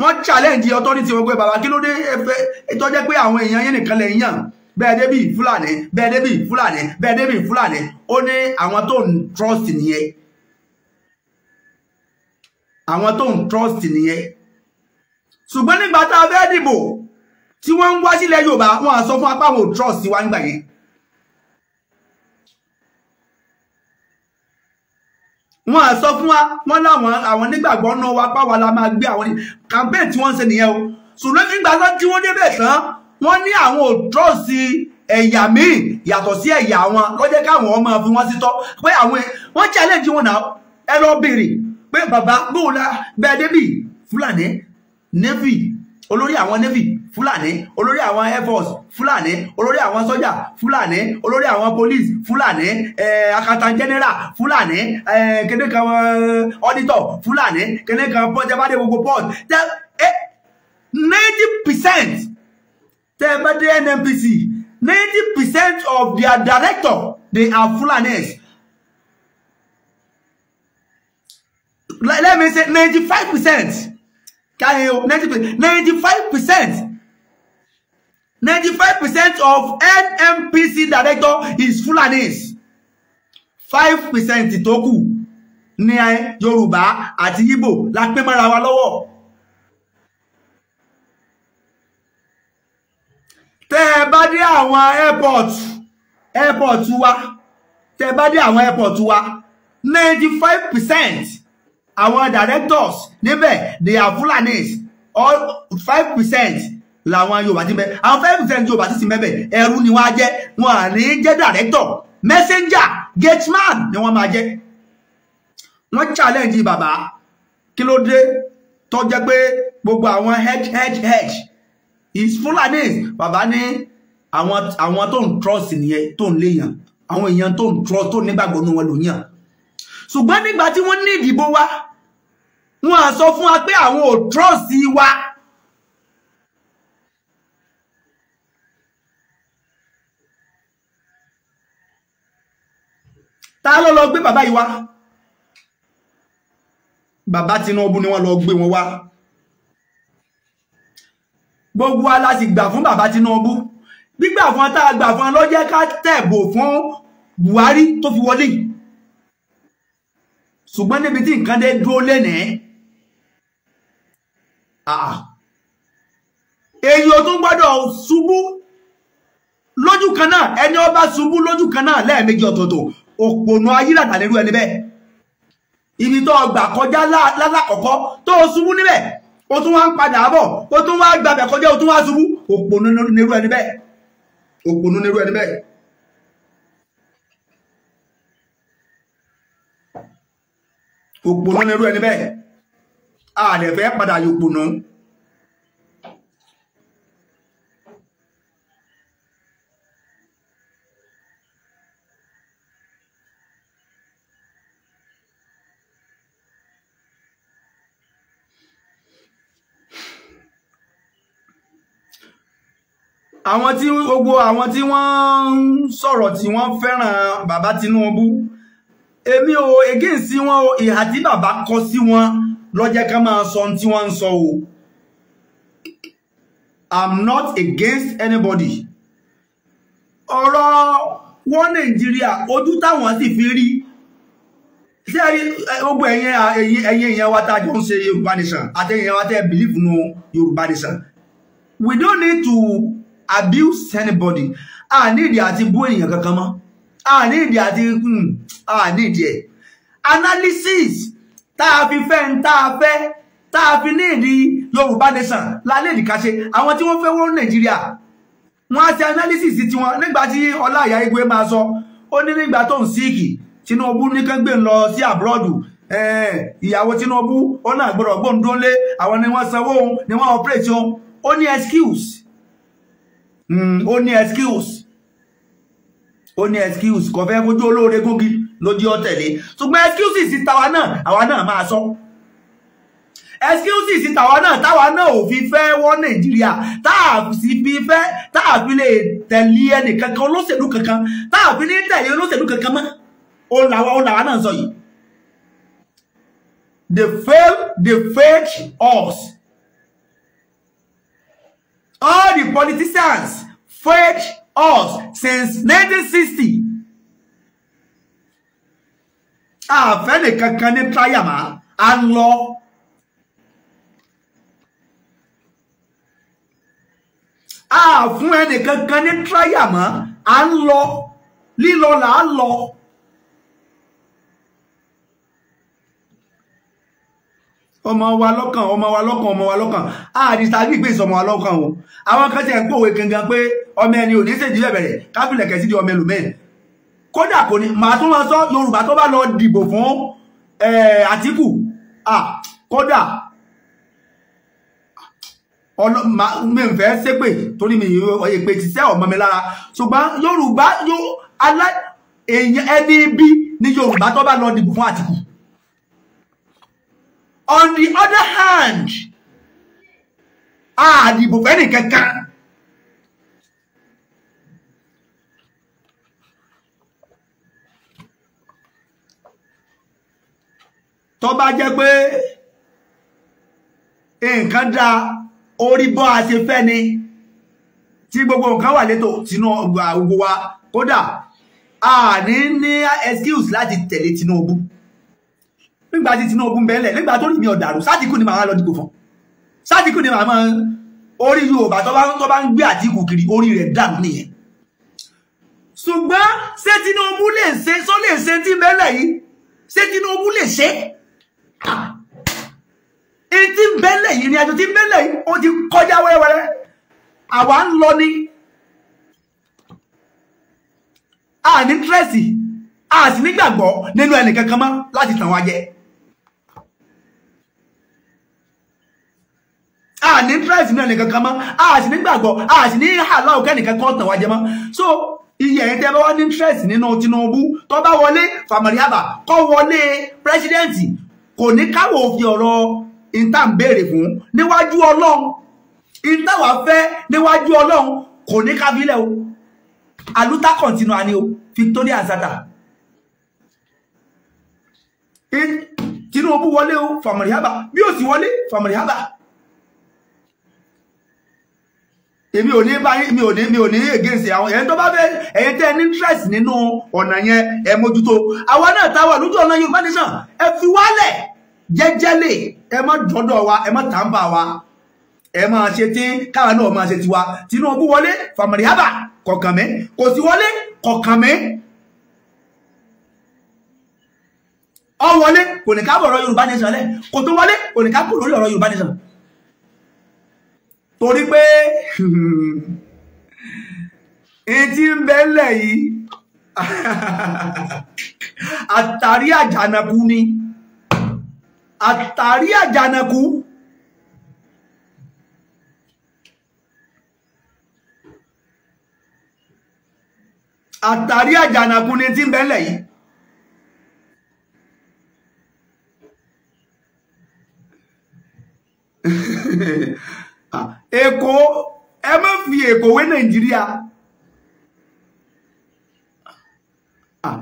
wọ́n challenge authority wọn pé bàbá kí ló dé ẹfẹ́ tó jẹ́ pé àwọn èèyàn yẹn nìkan lè yàn bẹ́ẹ̀ débì fúlàní bẹ́ẹ̀ débì fúlàní bẹ́ẹ̀ débì fúlàní ó ní àwọn tó ń trust nìyẹn àwọn tó ń trust nìyẹn ṣùgbọ́n nígbà tá a fẹ́ dìbò tí wọ́n ń wá sílẹ̀ Yorùbá wọn á sọ fún apá àwọn trust wa nígbà yẹn wọn á sọ fún wa wọn láwọn àwọn nígbàgbọ́ náà wá pàwọ́ la máa gbé àwọn campaign tí wọ́n ń ṣe nìyẹn o ṣùgbọ́n nígbà tán tí wọ́n débẹ̀ tán wọ́n ní àwọn ò trust ẹ̀yà míì yàtọ̀ sí ẹ̀yà wọn lọ́jẹ́ káwọn ọmọ fi wọ́n sí tọ́ pé àwọn wọ́n challenge wọn náà ẹ lọ bèrè pé bàbá gbóhùn la bẹ́ẹ̀ débì fúlàní navy olórí àwọn navy fúlàní olórí àwọn air force fúlàní olórí àwọn sọ́jà fúlàní olórí àwọn police fúlàní eh, akata general fúlàní eh, kéde kan eh, auditor fúlàní kéde kan pọ́ńtẹ́ bá dé gbogbo port tẹ eh, ninety percent tẹ bá dé nnpc ninety percent of their director they are fulanis let, let me say ninety-five percent. can you ninety ninety-five percent? Ninety-five percent of NNPC director is Fulanis 5% tó kù ní Yorùbá àti Igbo la pín mọ́ra wa lọ́wọ́ tẹ́ ẹ bá dé àwọn airport airport wa tẹ́ ẹ bá dé àwọn airport wa 95% àwọn directors níbẹ̀ they are Fulanis all five percent làwọn Yorùbá ti bẹ àwọn five percent Yorùbá ti sì mẹ́bẹ̀ ẹrú ni wọ́n á jẹ́ wọn à ní jẹ́ director messenger gateman ni wọ́n máa jẹ́ wọ́n challenge bàbá kí ló dé tó jẹ́ pé gbogbo àwọn head is Fulanis bàbá ní àwọn àwọn tó ń trust nìyẹn tó ń léèyàn àwọn èèyàn tó ń trust tó nígbàgbọ́ nínú wọn ló yàn ṣùgbọ́n nígbà tí wọ́n ní ìdìbò wa wọn à sọ fún wa pé àwọn ò trọ́ọ̀sì wa ta ló lọ gbé bàbá yìí wá bàbá Tinubu ni wọ́n lọ gbé wọn wá gbogbo wa la sì gbà fún bàbá Tinubu gbígbà fún tá a gbà fún ọ ló jẹ́ ká tẹ̀bò fún Buhari tó fi wọlé ṣùgbọ́n níbi tí nǹkan dé dúró lẹ́nìí Ah. èyí ò tún gbọ́dọ̀ ṣubú lójú kan náà ẹni ó bá ṣubú lójú kan náà lẹ́ẹ̀mejì ọ̀tọ̀ọ̀tọ̀ òpònú ayílàdà lérú ẹni bẹ́ẹ̀ ibi tó gbà kọjá lálákọ̀ọ́kọ́ tó ṣubú níbẹ̀ ó tún wá ń padà bọ̀ ó tún wá gbàbẹ̀ kọjá ó tún wá ṣubú òpònú nírú ẹni bẹ́ẹ̀ òpònú nírú ẹni bẹ́ẹ̀. òpònú nírú ẹni bẹ́ẹ̀ àdẹ̀fẹ́ padà yòpònú. àwọn tí gbogbo àwọn tí wọ́n ń sọ̀rọ̀ tí wọ́n fẹ́ràn bàbá Tinubu èmi ò against wọn o ìhà tí bàbá kọ sí wọn lọ́jẹ́ ká máa sọ tí wọ́n ń sọ o i'm not against anybody ọ̀rọ̀ wọ́n nàìjíríà ojú táwọn sì fi rí tí gbogbo ẹ̀yin ẹ̀yin èèyàn wa tá a jọ ń ṣe yorùbá nation àti èèyàn wa tẹ́ ẹ believe nu yorùbá nation we don't need to abuse anybody a ní ìdí àti bú èèyàn kankan mọ́ a ní ìdí àti hmm, a ní ìdí ẹ̀ analysis tá a fi fẹ́ ń tá a fẹ́ tá a fi léèdì Yorùbá nation láléèdì ká ṣe àwọn tí wọ́n fẹ́ wọ́n Nàìjíríà wọ́n á ṣe analysis tiwọn nígbà tí Ọláìyá Igwe máa sọ ó ní nígbà tó ń síìkì Tinubu ní kán gbé e lọ sí àbúrọ̀dù eh, ìyàwó Tinubu ó náà gbọ́dọ̀ gbóǹdóńlé àwọn ni wọ́n sanwó òun ni wọ́n operate òun ó ní excuse hmm, ó ní excuse ó ní excuse kò fẹ́ fojú olóore gógí ló di ọ̀tẹ̀lé ṣùgbọ́n excuses tàwa náà àwa náà máa sọ excuses tàwa náà táwa náà ò fi fẹ́ wọ́n nàìjíríà táà sì fi fẹ́ táà fi lè tẹ̀lé ẹnì kankan olóṣèlú kankan táà fi lè tẹ̀lé olóṣèlú kankan mọ́ òun làwa òun làwa náà sọ yìí they fail they fake us all the politicians fake us since 1960 àfẹ́ nìkan kan ní tíráyàmá á ń lọ. àfún ẹnìkan kan ní tíráyàmá á ń lọ lílọ là á lọ. ọmọ wa lọ́kàn ọmọ wa lọ́kàn ọmọ wa lọ́kàn àdìsá gbígbé ìsọmọ wa lọ́kàn o àwọn kan ti ẹ̀ ń pòwe gangan pé ọmọ ẹni ò ní ṣèjì bẹ̀rẹ̀ kábìlẹ̀ kẹ̀sídìí ọmọ ẹlòmíràn kódà kò ní màá tún máa sọ yorùbá tó bá lọ dìbò fún àtìkù kódà mi ń fẹ́ ṣépè torí mi sẹ́ ọmọ mi lára ṣùgbọ́n yorùbá ẹni bí ni yorùbá tó bá lọ dìbò fún àtìkù on the other hand a dìbò fẹ́nì kankan tó bá jẹ́ pé nǹkan da orí bọ́ a ṣe fẹ́ ni tí gbogbo nǹkan wà létò tinú gbogbo wa kódà a ní ní excuse láti tẹ̀lé Tinubu nígbà tí Tinubu ń bẹ́ẹ̀lẹ̀ nígbà tó rí mi ọ̀dàrú sátìkù ni màá lọ dìbò fún sátìkù ni màá máa orí Yorùbá tó bá ń gbé Àtíkù kiri orí rẹ̀ dànù nìyẹn ṣùgbọ́n ṣé Tinubu lè ṣe sọ lè ṣe tí bẹ́ẹ̀lẹ̀ yìí ṣé Tinubu lè ṣe tí ń bẹ́lẹ̀ yìí ìrìn àjò tí ń bẹ́lẹ̀ yìí ó ti kọjá wẹ́rẹ́wẹ́rẹ́ àwa ń lọ ní àní tírẹ́sì a sì nígbàgbọ́ nínú ẹnì kankan mọ́ láti tàn wá jẹ. a ní tírẹ́sì nínú ẹnì kankan mọ́ a sì nígbàgbọ́ a sì ní àlọ́ òkè nìkan kan tàn wá jẹ mọ́ so iye ẹ̀yin tẹ́ bá wá ní tírẹ́sì nínú Tinubu tó bá wọlé famari haba kó wọlé pírẹsidẹ́ǹtì kò ní káwọ́ òfin ọ̀rọ̀ ìta ń béèrè fún níwájú ọlọ́run ìta wàá fẹ́ níwájú ọlọ́run kò ní kábílẹ̀ o àlùtà kọ̀ǹtínú àní o Victoria Zata Tinubu wọlé o fàmọ̀rìhábà bí ó sì wọlé fàmọ̀rìhábà èmi ò ní bá yín mi ò ni mi ò ní ègéǹsì àwọn ẹ̀yin tó bá fẹ́ ẹ̀yin tẹ́ ní interest nínú ọ̀nà yẹn ẹ mójútó àwa náà táwa lójú ọ̀nà Yorùbá nation ẹ fi wálẹ̀ jẹ́jẹ́lẹ̀ ẹ má dọ́dọ̀ wa ẹ má tàǹbà wa ẹ máa ṣe tí káwa náà máa ṣe tiwa Tinubu wọlé fàmìlíhábà kọ̀ọ̀kan mi kò sí wọlé kọ̀ọ̀kan mi ọ wọlé kò ní ká bọ̀ ọ̀rọ̀ Yorùbá nation lẹ̀ kò tó wọlé kò ní ká kúrò lórí ọ̀rọ̀ Yorùbá nation torí pé etí ń bẹ ńlẹ̀ àtàrí àjànàkú ni àtàrí àjànàkú àtàrí àjànàkú ni tí ń bẹ́lẹ̀ yìí Èkó ẹ má fi Èkó wé Nàìjíríà ah,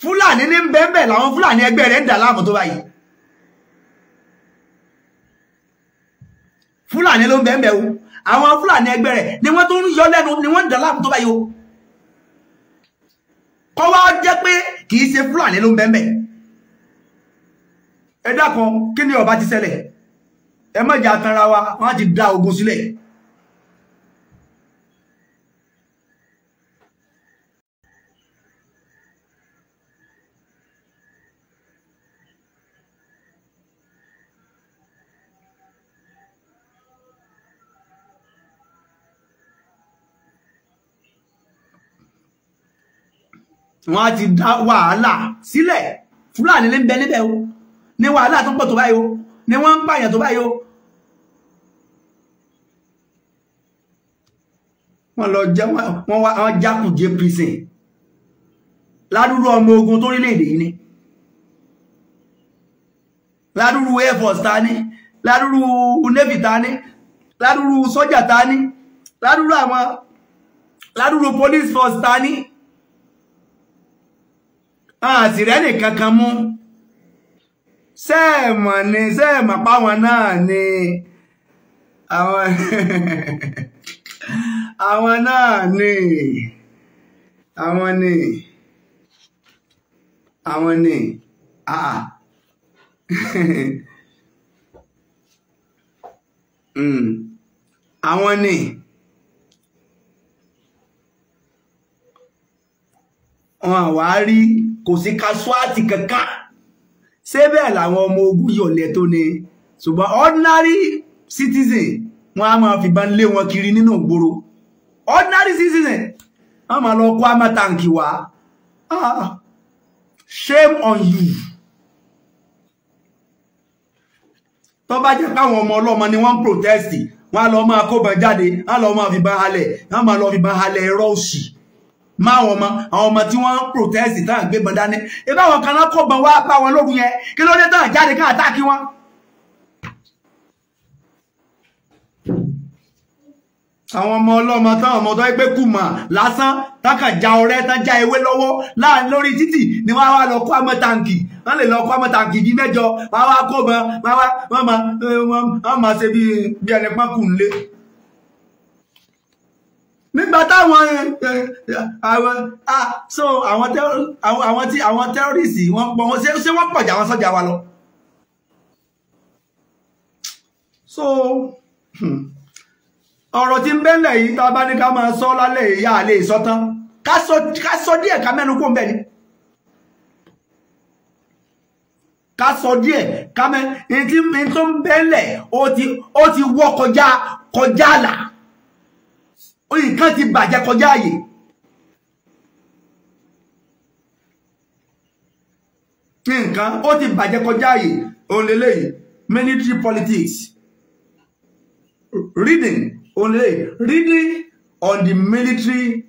Fúlàní ní bẹ́ẹ̀ bẹ́ẹ̀ làwọn Fúlàní ẹgbẹ́ rẹ̀ ń dà láàmú tó báyìí. fúlàní ló ń bẹ́ẹ̀ bẹ́ẹ̀ o àwọn fúlàní ẹgbẹ́ rẹ̀ ni wọ́n tó ń yọ lẹ́nu ni wọ́n ń dà láàmú tó báyìí o kọ́ wá jẹ́ pé kì í ṣe fúlàní ló ń bẹ́ẹ̀ bẹ́ẹ̀ ẹ dákan kí ni ọba ti ṣẹlẹ̀ ẹ mọ̀jà tanra wa wọ́n ti dá ogun sílẹ̀ wọ́n á ti dá wàhálà sílẹ̀ fúlàní lè ń bẹ níbẹ̀ o ní wàhálà tó ń pọ̀ tó báyìí o ní wọ́n ń pààyàn tó báyìí o wọ́n lọ jẹ́ wọ́n wá àwọn jákùjẹ prison ládùúrú ọmọ ogun tó orílẹ̀-èdè yìí ni ládùúrú air force ta ni ládùúrú navy ta ni ládùúrú sọ́jà ta ni ládùúrú àwọn ládùúrú police force ta ni àtìrẹ́ nìkan kan mú sẹ́ẹ̀mọ̀ ni sẹ́ẹ̀mọ̀ páwọn náà ni àwọn àwọn náà ni àwọn ni àwọn ni àà hmm. àwọn ni. wọn wá rí kò sí kasuáàtì kankan ṣé bẹ́ẹ̀ làwọn ọmọ ogun yọ̀lẹ̀ tó ni ṣùgbọ́n ordinary citizen wọn a máa fìbọn lé wọn kiri nínú ìgboro ordinary citizen wọn máa lọ kó àmà tàǹkì wá ah, shame on you tó bá jẹ́ káwọn ọmọ ọlọ́mọ ni wọ́n ń protest wọ́n á lọ máa kóbọn jáde wọ́n á lọ máa fìbọn halẹ̀ wọ́n á máa lọ fìbọn halẹ̀ ẹ̀rọ òṣì máwọn ọmọ àwọn ọmọ tí wọ́n ń protest tán gbébọn dání ebí àwọn kan náà kọ́bọn wá pa wọn lógun yẹn kí ló dé tán jáde ká àtàkì wọn. àwọn ọmọ ọlọ́mọ táwọn ọmọ tó gbé kùmà lásán tákà já ọrẹ́ tán já ewé lọ́wọ́ láàrin lórí títì ni wọ́n á wá lọ kó àmọ́ tàǹkì wọ́n lè lọ kó àmọ́ tàǹkì bíi mẹ́jọ wọ́n wá kó wọn máa ṣe bí ẹni pákó ńlé nígbà táwọn eh, eh, ah, so àwọn tí àwọn tẹ́rọ̀rìsì wọ́n pọ̀ wọ́n ṣe wọ́n pọ̀ jà wọ́n sọ́jà wa lọ. so hmm, ọ̀rọ̀ tí ń bẹ́lẹ̀ yìí tá a bá ní ká máa sọ lálẹ́ ìyá àlè ìsọtán ká sọ díẹ̀ ká mẹ́nu kó ń bẹ̀ ni. ká sọ díẹ̀ ká mẹ́nu ní tó ń bẹ́lẹ̀ ó ti wọ́ kọjá kọjá àlà nǹkan ti bàjẹ́ kọjá àyè. nǹkan ó ti bàjẹ́ kọjá àyè òun military politics reading òun reading on the military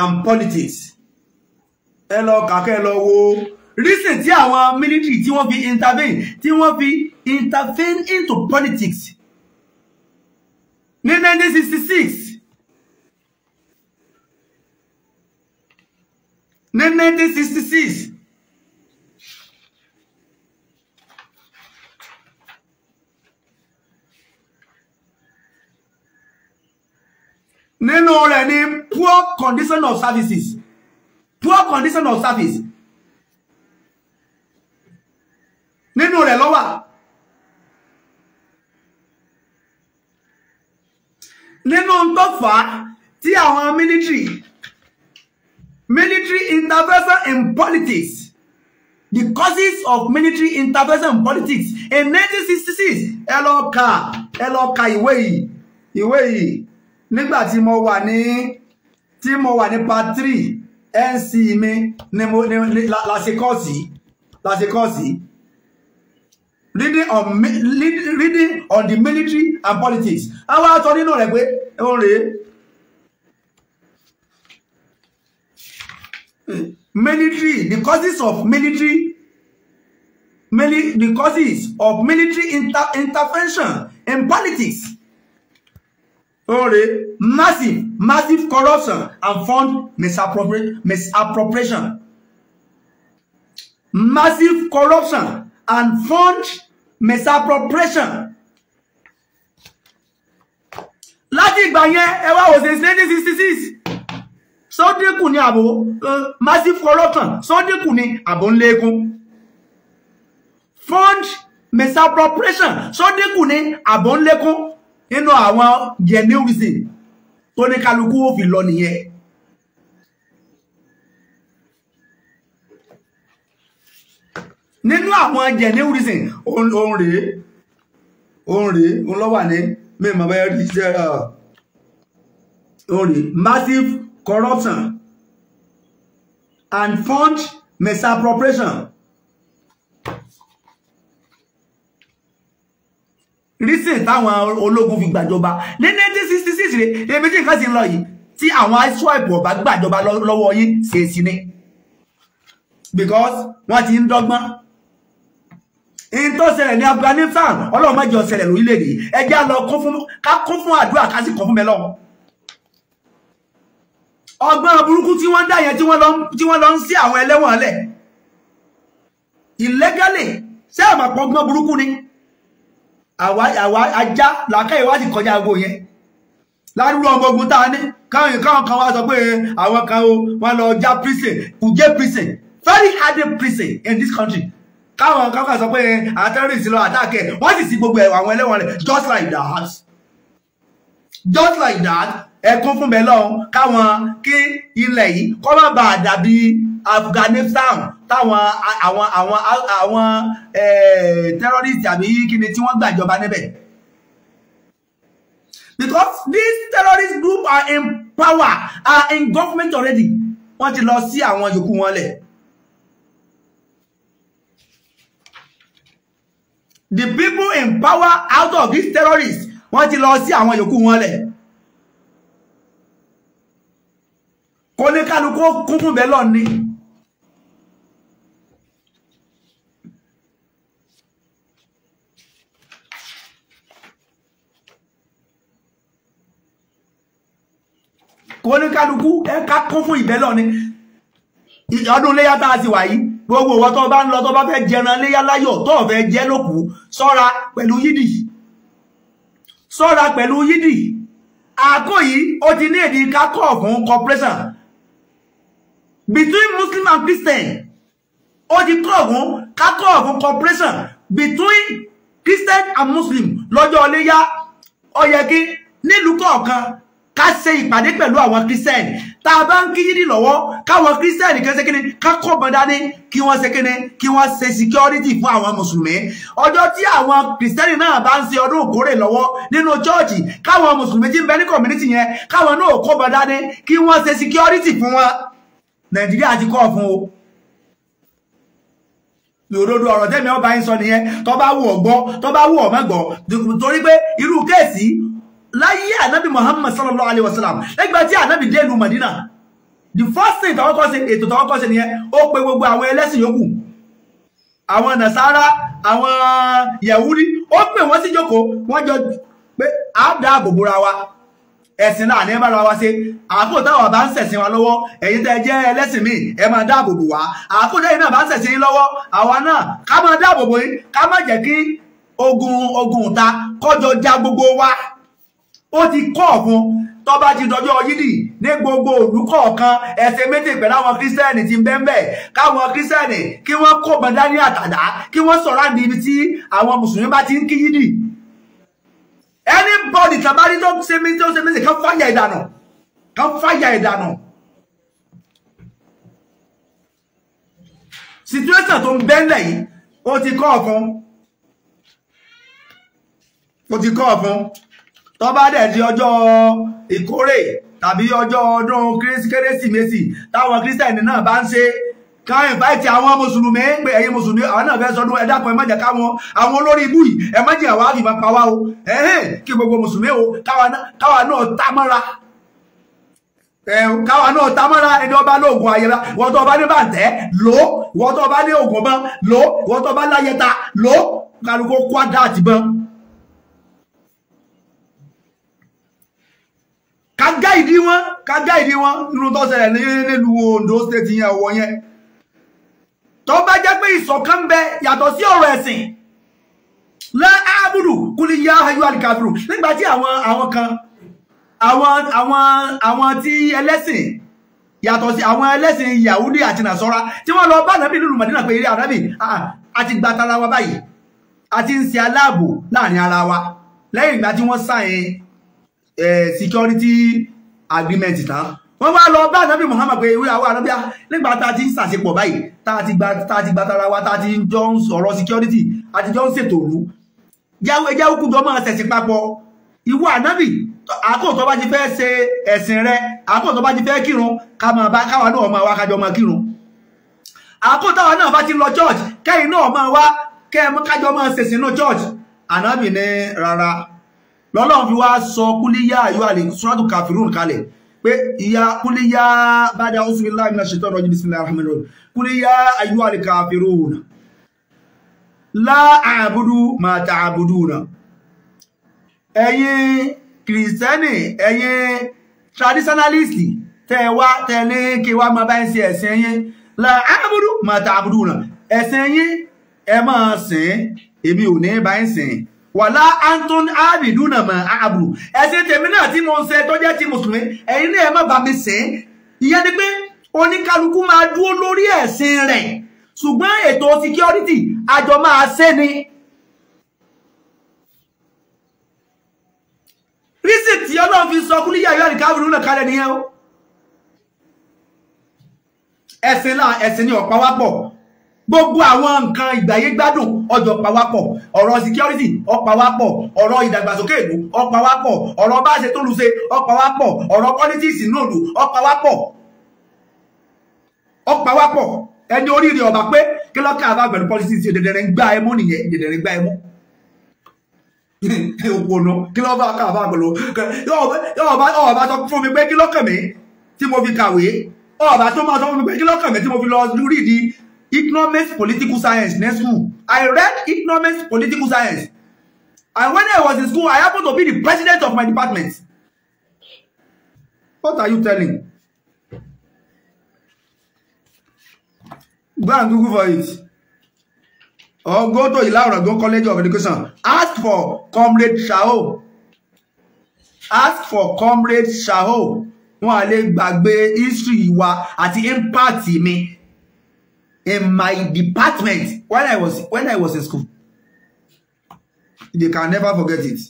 and politics ẹ lọ kàkẹ́ lọ wo reason tí àwọn military tí wọ́n fi intervene tí wọ́n fi intervene into politics ní 1966 ní 1966 nínú rẹ̀ ni poor condition of services poor condition of service nínú rẹ̀ ló wà. nínú tó fà á tí àwọn military Military intervention in politics. The causes of military intervention in politics in 1966 ẹ lọ kà ẹ lọ kà ìwé yìí ìwé yìí nígbà tí mo wà ní tí mo wà ní part three nc mi ni mo ni lasikọọsì lasikọọsì reading on reading on the military and politics àwọn àtọ nínú rẹ̀ pé òun rèé military the causes of military mainly the causes of military inter intervention in politics ore massive massive corruption and fund misappropriation misappropriation massive corruption and fund misappropriation láti ìgbà yẹn ẹ wá wò ṣe ṣe ní sixty six sọdínkù ni àbò massive corruption sọdínkù ni àbò ńlẹ́gùn fund misappropriation sọdínkù ni àbò ńlẹ́gùn nínú àwọn jẹnẹrìsì tó ní kálukú ó fi lọ nìyẹn. nínú àwọn jẹnẹrìsì òun rèé òun rèé òun lọ́wọ́ ní mímọ́ bẹ́ẹ̀ rí iṣẹ́ òun rèé massive corruption, and fund misappropriation. reason táwọn ológun fi gbàjọba ní 1966 rẹ̀ èmi tí nǹkan ti lọ yìí tí àwọn aṣọ́ìpù ọ̀bá gbàjọba lọ́wọ́ yín ṣe sí ni because wọ́n ti ń dọ́gbọ́n in tó ṣẹlẹ̀ ní Afghanistan ọlọ́run má jẹ́ ó ṣẹlẹ̀ lórílẹ̀-èdè ẹjẹ́ lọ kún fún ká kún fún àdúrà ká sì kún fún mẹ́lọ́wọ́ ọgbọ́n burúkú tí wọ́n dá yẹn tí wọ́n lọ ń sí àwọn ẹlẹ́wọ̀n lẹ̀ illegally ṣé àmàpọ̀ ọgbọ́n burúkú ni àwa àwa ajá làákàyè wá sì kọjá aago yẹn ládùúgbò ọmọ ogun tá a ní káwọn káwọn kan wá sọ pé àwọn kan o wọn lọ já prison kùjẹ prison very hard prison in this country káwọn kan kan sọ pé àwọn terrorists lọ àtàkẹ́ wọ́n sì sí gbogbo àwọn ẹlẹ́wọ̀n rẹ̀ just like that just like that ẹkún fún bẹ́ẹ̀ lọ́hùn káwọn kí ilẹ̀ yìí kọ́ má bàa dàbí Afghanistan táwọn àwọn àwọn àwọn terrorist àbí kíni tí wọ́n gbàjọba níbẹ̀ because these terrorist group are in power are in government already wọ́n ti lọ sí àwọn yòókù wọn lẹ̀. the people in power out of these terrorists wọ́n ti lọ sí àwọn yòókù wọn lẹ̀. kò ní kálukú kún fún bẹ́ẹ̀ lọ ni. kò ní kálukú ẹ ká kún fún ìbẹ́ lọ ni ọdún léyà tá a sì wà yìí gbogbo ìwọ tó bá ń lọ tó bá fẹ́ jẹran léyà láyọ̀ tó fẹ́ jẹ lókù ṣọ́ra pẹ̀lú yídì ṣọ́ra pẹ̀lú yídì àkó yìí ó ti ní èdè kákọ̀ fún corporation between Muslim and Christian ó ti kọ́ ọ̀gùn ká kọ́ ọ̀gùn cooperation between Christian and Muslim lọ́jọ́ ọléyá ó yẹ kí nílùú kọ̀ọ̀kan ká ṣe ìpàdé pẹ̀lú àwọn Christian tá a bá ń kí yídì lọ́wọ́ káwọn Christian kan ṣe kíni ká kọ́ bọ́n dání kí wọ́n ṣe kíni kí wọ́n ṣe security fún àwọn mùsùlùmí ọjọ́ tí àwọn Christian náà bá ń ṣe ọdún òkórè lọ́wọ́ nínú chọ́ọ̀chì káwọn mùsùlùmí tí ń bẹ ní community yẹn káwọn náà kọ́ bọ́n dání kí wọ́n ṣe security fún wọn. nàìjíríà ti kọ́ ọ̀fun o lòdodo ọ̀rọ̀ tẹ́mi ọba yín sọ nìyẹn tó bá wù ọ́ gbọ́ bá wù ọ́ torí pé irú kéèsì láyé ànábì muhammad sallallahu alayhi wa sallam tí ànábì dé ìlú madina the first thing tọwọ́ ètò tọwọ́ nìyẹn ó pe gbogbo àwọn ẹlẹ́sìn yòókù àwọn nasara àwọn yahudi ó pè wọ́n sí jókòó wọ́n jọ pé ẹ̀sìn náà ní bára wa ṣe àkókò táwọn bá ń ṣẹ̀sìn wa lọ́wọ́ ẹ̀yin tẹ́ jẹ́ ẹlẹ́sìn ẹ máa dáàbò bò wá àkókò náà bá ń ṣẹ̀sìn yín lọ́wọ́ àwa náà ká máa dáàbò bò yín ká jẹ́ kí ogun ogun ta kọjọ ja gbogbo wa ó ti ti yídì ní gbogbo òlú méjì àwọn ti káwọn kí kó ní àtàdá kí wọn tí àwọn mùsùlùmí bá ti ń kí anybody tàbárí tó ṣe mí tó ṣe come sí kan fáyà come kan fáyà ìdànà situation tó ń bẹ́ńlẹ̀ yìí ó ti kọ́ ọ̀kan ó ti kọ́ ọ̀kan tó bá dẹ̀ di ọjọ́ ìkórè tàbí ọjọ́ ọdún kérésìmesì táwọn kírísítẹ̀nì náà bá ń ṣe ka invite àwọn mùsùlùmí pé ẹ̀yin mùsùlùmí àwọn náà fẹ́ sọdún ẹ dákun ẹ má jẹ́ káwọn àwọn ibu ibú yìí ẹ má jẹ́ pa o kí gbogbo mùsùlùmí o káwa náà tá mọ́ra káwa náà tá mọ́ra ẹni ọba lóògùn ọba ní lo lò ọba ní Ondo state tó bá jẹ́ pé ìṣọ̀kan bẹ yàtọ̀ sí ọ̀rọ̀ ẹ̀sìn lẹ́ ábùrù kúlí yá ayú alìkàfùrù nígbà tí àwọn àwọn kan àwọn àwọn àwọn tí ẹlẹ́sìn yàtọ̀ sí àwọn ẹlẹ́sìn yahudi àti nasọ́ra tí wọ́n lọ bá nàbí lùlù màdínà pé eré ànábì àti gba tara wa báyìí àti ń ṣe aláàbò láàrin ara wa lẹ́yìn ìgbà tí wọ́n sáyẹn eh, security agreement tán wọ́n wá lọ bá ànábì Muhammad pé ìwé àwọn nígbà tá a ti ń ṣàṣepọ̀ báyìí tá a ti gba tá a ti gba tara wa tá a ti ń jọ ń sọ̀rọ̀ security a ti jọ ń ṣètò òru jáwé jáwé kú jọ máa ṣẹ̀sìn papọ̀ ìwọ ànábì àkókò tó bá ti fẹ́ ṣe ẹ̀sìn rẹ àkókò tó bá ti fẹ́ kírun ká máa bá káwa náà máa wá kájọ máa kírun àkókò táwa náà bá ti lọ church kẹ́yìn náà máa wá kẹ́ẹ̀mú kájọ máa ṣèsìn náà church ànábì ní rárá lọ́lọ́run fi wá sọ kúlíyà ayọ́ àlè sùràtù kàfírùn kalẹ̀ pé ìyá kúlíyá bada a'udhu billahi minash shaitani rajim bismillahir rahmanir rahim kúlíyá ayyuhal kafirun la a'budu ma ta'buduna ẹ̀yin kìrìsìtẹ́nì ẹ̀yin traditionalist tẹ́ ẹ wá tẹ́ ẹ ní kí wá máa bá ń ṣe ẹ̀sìn yín la a'budu ma ta'buduna ẹ̀sìn yín ẹ máa sìn èmi ò ní bá ń sìn wàlá anton abiduna mọ̀ àbùrù ẹ̀sìn tèmi náà tí mo ń ṣe tó jẹ́ ti mùsùlùmí ẹ̀yin náà ẹ má bà mí sìn ìyẹn ni pé oníkálukú máa dúró lórí ẹ̀sìn rẹ̀ ṣùgbọ́n ètò security àjọ máa ṣe ni. rísì tí ọlọ́run fi sọ kúlí yàyọ́ àdìkáwìrì náà kalẹ̀ nìyẹn o ẹ̀sìn ni ọ̀pá wá pọ̀ gbogbo àwọn nǹkan ìgbàyégbádùn ọjọ́ pawápọ̀ ọ̀rọ̀ security ọpawápọ̀ ọ̀rọ̀ ìdàgbàsókè ìlú ọpawápọ̀ ọ̀rọ̀ bá ṣe tó lùṣe ọpawápọ̀ ọ̀rọ̀ politics nínú ọpawápọ̀ ọpawápọ̀ ẹni oríire ọba pé kí lọ́kẹ́ àbá pẹ̀lú politics dẹ̀dẹ̀rẹ̀ ń gbá ẹmú nìyẹn dẹ̀dẹ̀rẹ̀ ń gbá ẹmú òpònà kí lọ́ba káàbá pẹ̀lú ọba sọ fún mi pé kí lọ́kàn mi tí mo fi kàwé ọba tó máa sọ fún mi pé kí lọ́kàn mi tí mo fi lọ rí di economics political science next school i read economics political science and when i was in school i happened to be the president of my department what are you telling go and google for it or go to Ilaro go college of education ask for comrade Shao ask for comrade Shao wọn à lè gbàgbé history wa àti impact mi in my department when I was when I was in school. They can never forget it.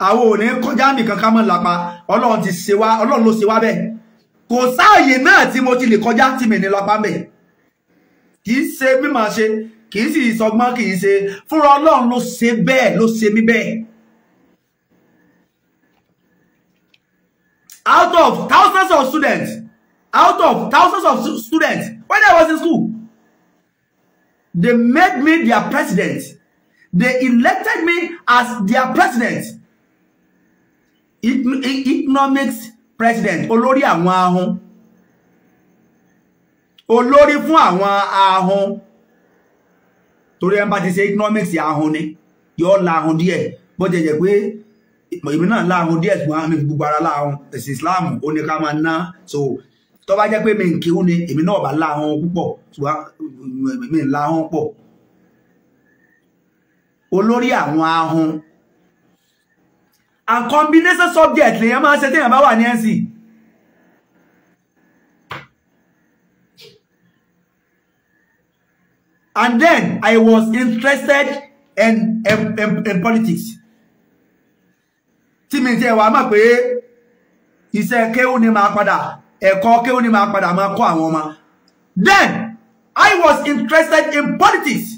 àwọn ò kọjá mi kankan mọ́ lápá ọlọ́run ti ṣe wá ọlọ́run ló ṣe wá bẹ́ẹ̀ kò sáàyè náà tí mo ti lè kọjá tí mi ní lápá bẹ́ẹ̀ kì í ṣe bí màá ṣe kì í sì sọgbọ́n kì í ṣe fúnra ọlọ́run ló ṣe bẹ́ẹ̀ ló ṣe mí bẹ́ẹ̀. out of thousands of students out of thousands of students when I was in school they made me their president they elected me as their president economics president olórí àwọn ahun olórí fún àwọn ahun torí ẹ bá ti ṣe economics ahun ni yóò la ahun díẹ̀ bó jẹjẹ pé èmi náà láàrún díẹ̀ tí wọ́n gbogbo ara láàrún ẹ̀sìn Islam ó ní ká máa ná so tó bá jẹ́ pé mi ń kéwú èmi náà bá láàrún púpọ̀ mm, mi ń pọ̀ olórí àwọn ahun and combination subject lèyàn máa ṣe téèyàn bá wà ní NC and then I was interested in, in, in, in politics tí mi ti ẹ̀ wá mọ̀ pé iṣẹ́ kéwú ni máa padà ẹ̀kọ́ kéwú ni máa padà máa kọ́ àwọn ọmọ. Then I was interested in politics.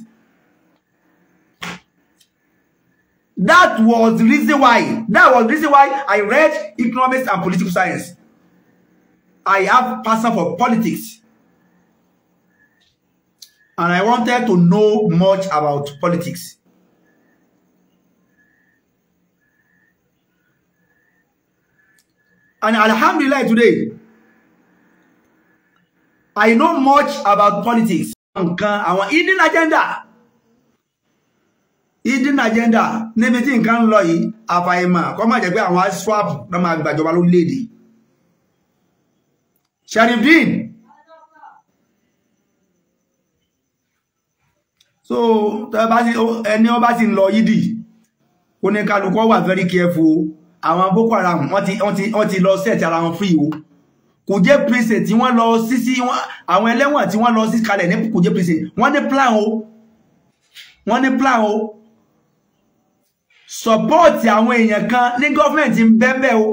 That was the reason why that was the reason why I read economics and political science. I have passion for politics. And I wanted to know much about politics. And Alhamdulillah today, I know much about politics. Our hidden agenda. Hidden agenda níbi tí nǹkan ń lọ yìí, Come on, máa jẹ́ pé àwọn swap náà máa gbàjọba lady. èdè Sharifdeen. So ẹni ọba ti ń lọ yídì, oníkàlùkọ́ wà very careful àwọn boko haram wọ́n ti lọ set ara wọn free o kùjé prison tí wọ́n lọ sí sí àwọn ẹlẹ́wọ̀n tí wọ́n lọ sí kalẹ̀ ní kùjé prison wọ́n ní plan o wọ́n ní plan o sọpọ́ọ̀tì àwọn èèyàn kan ní gọ́ọ̀mẹ̀ntì ń bẹ́ẹ̀bẹ́ o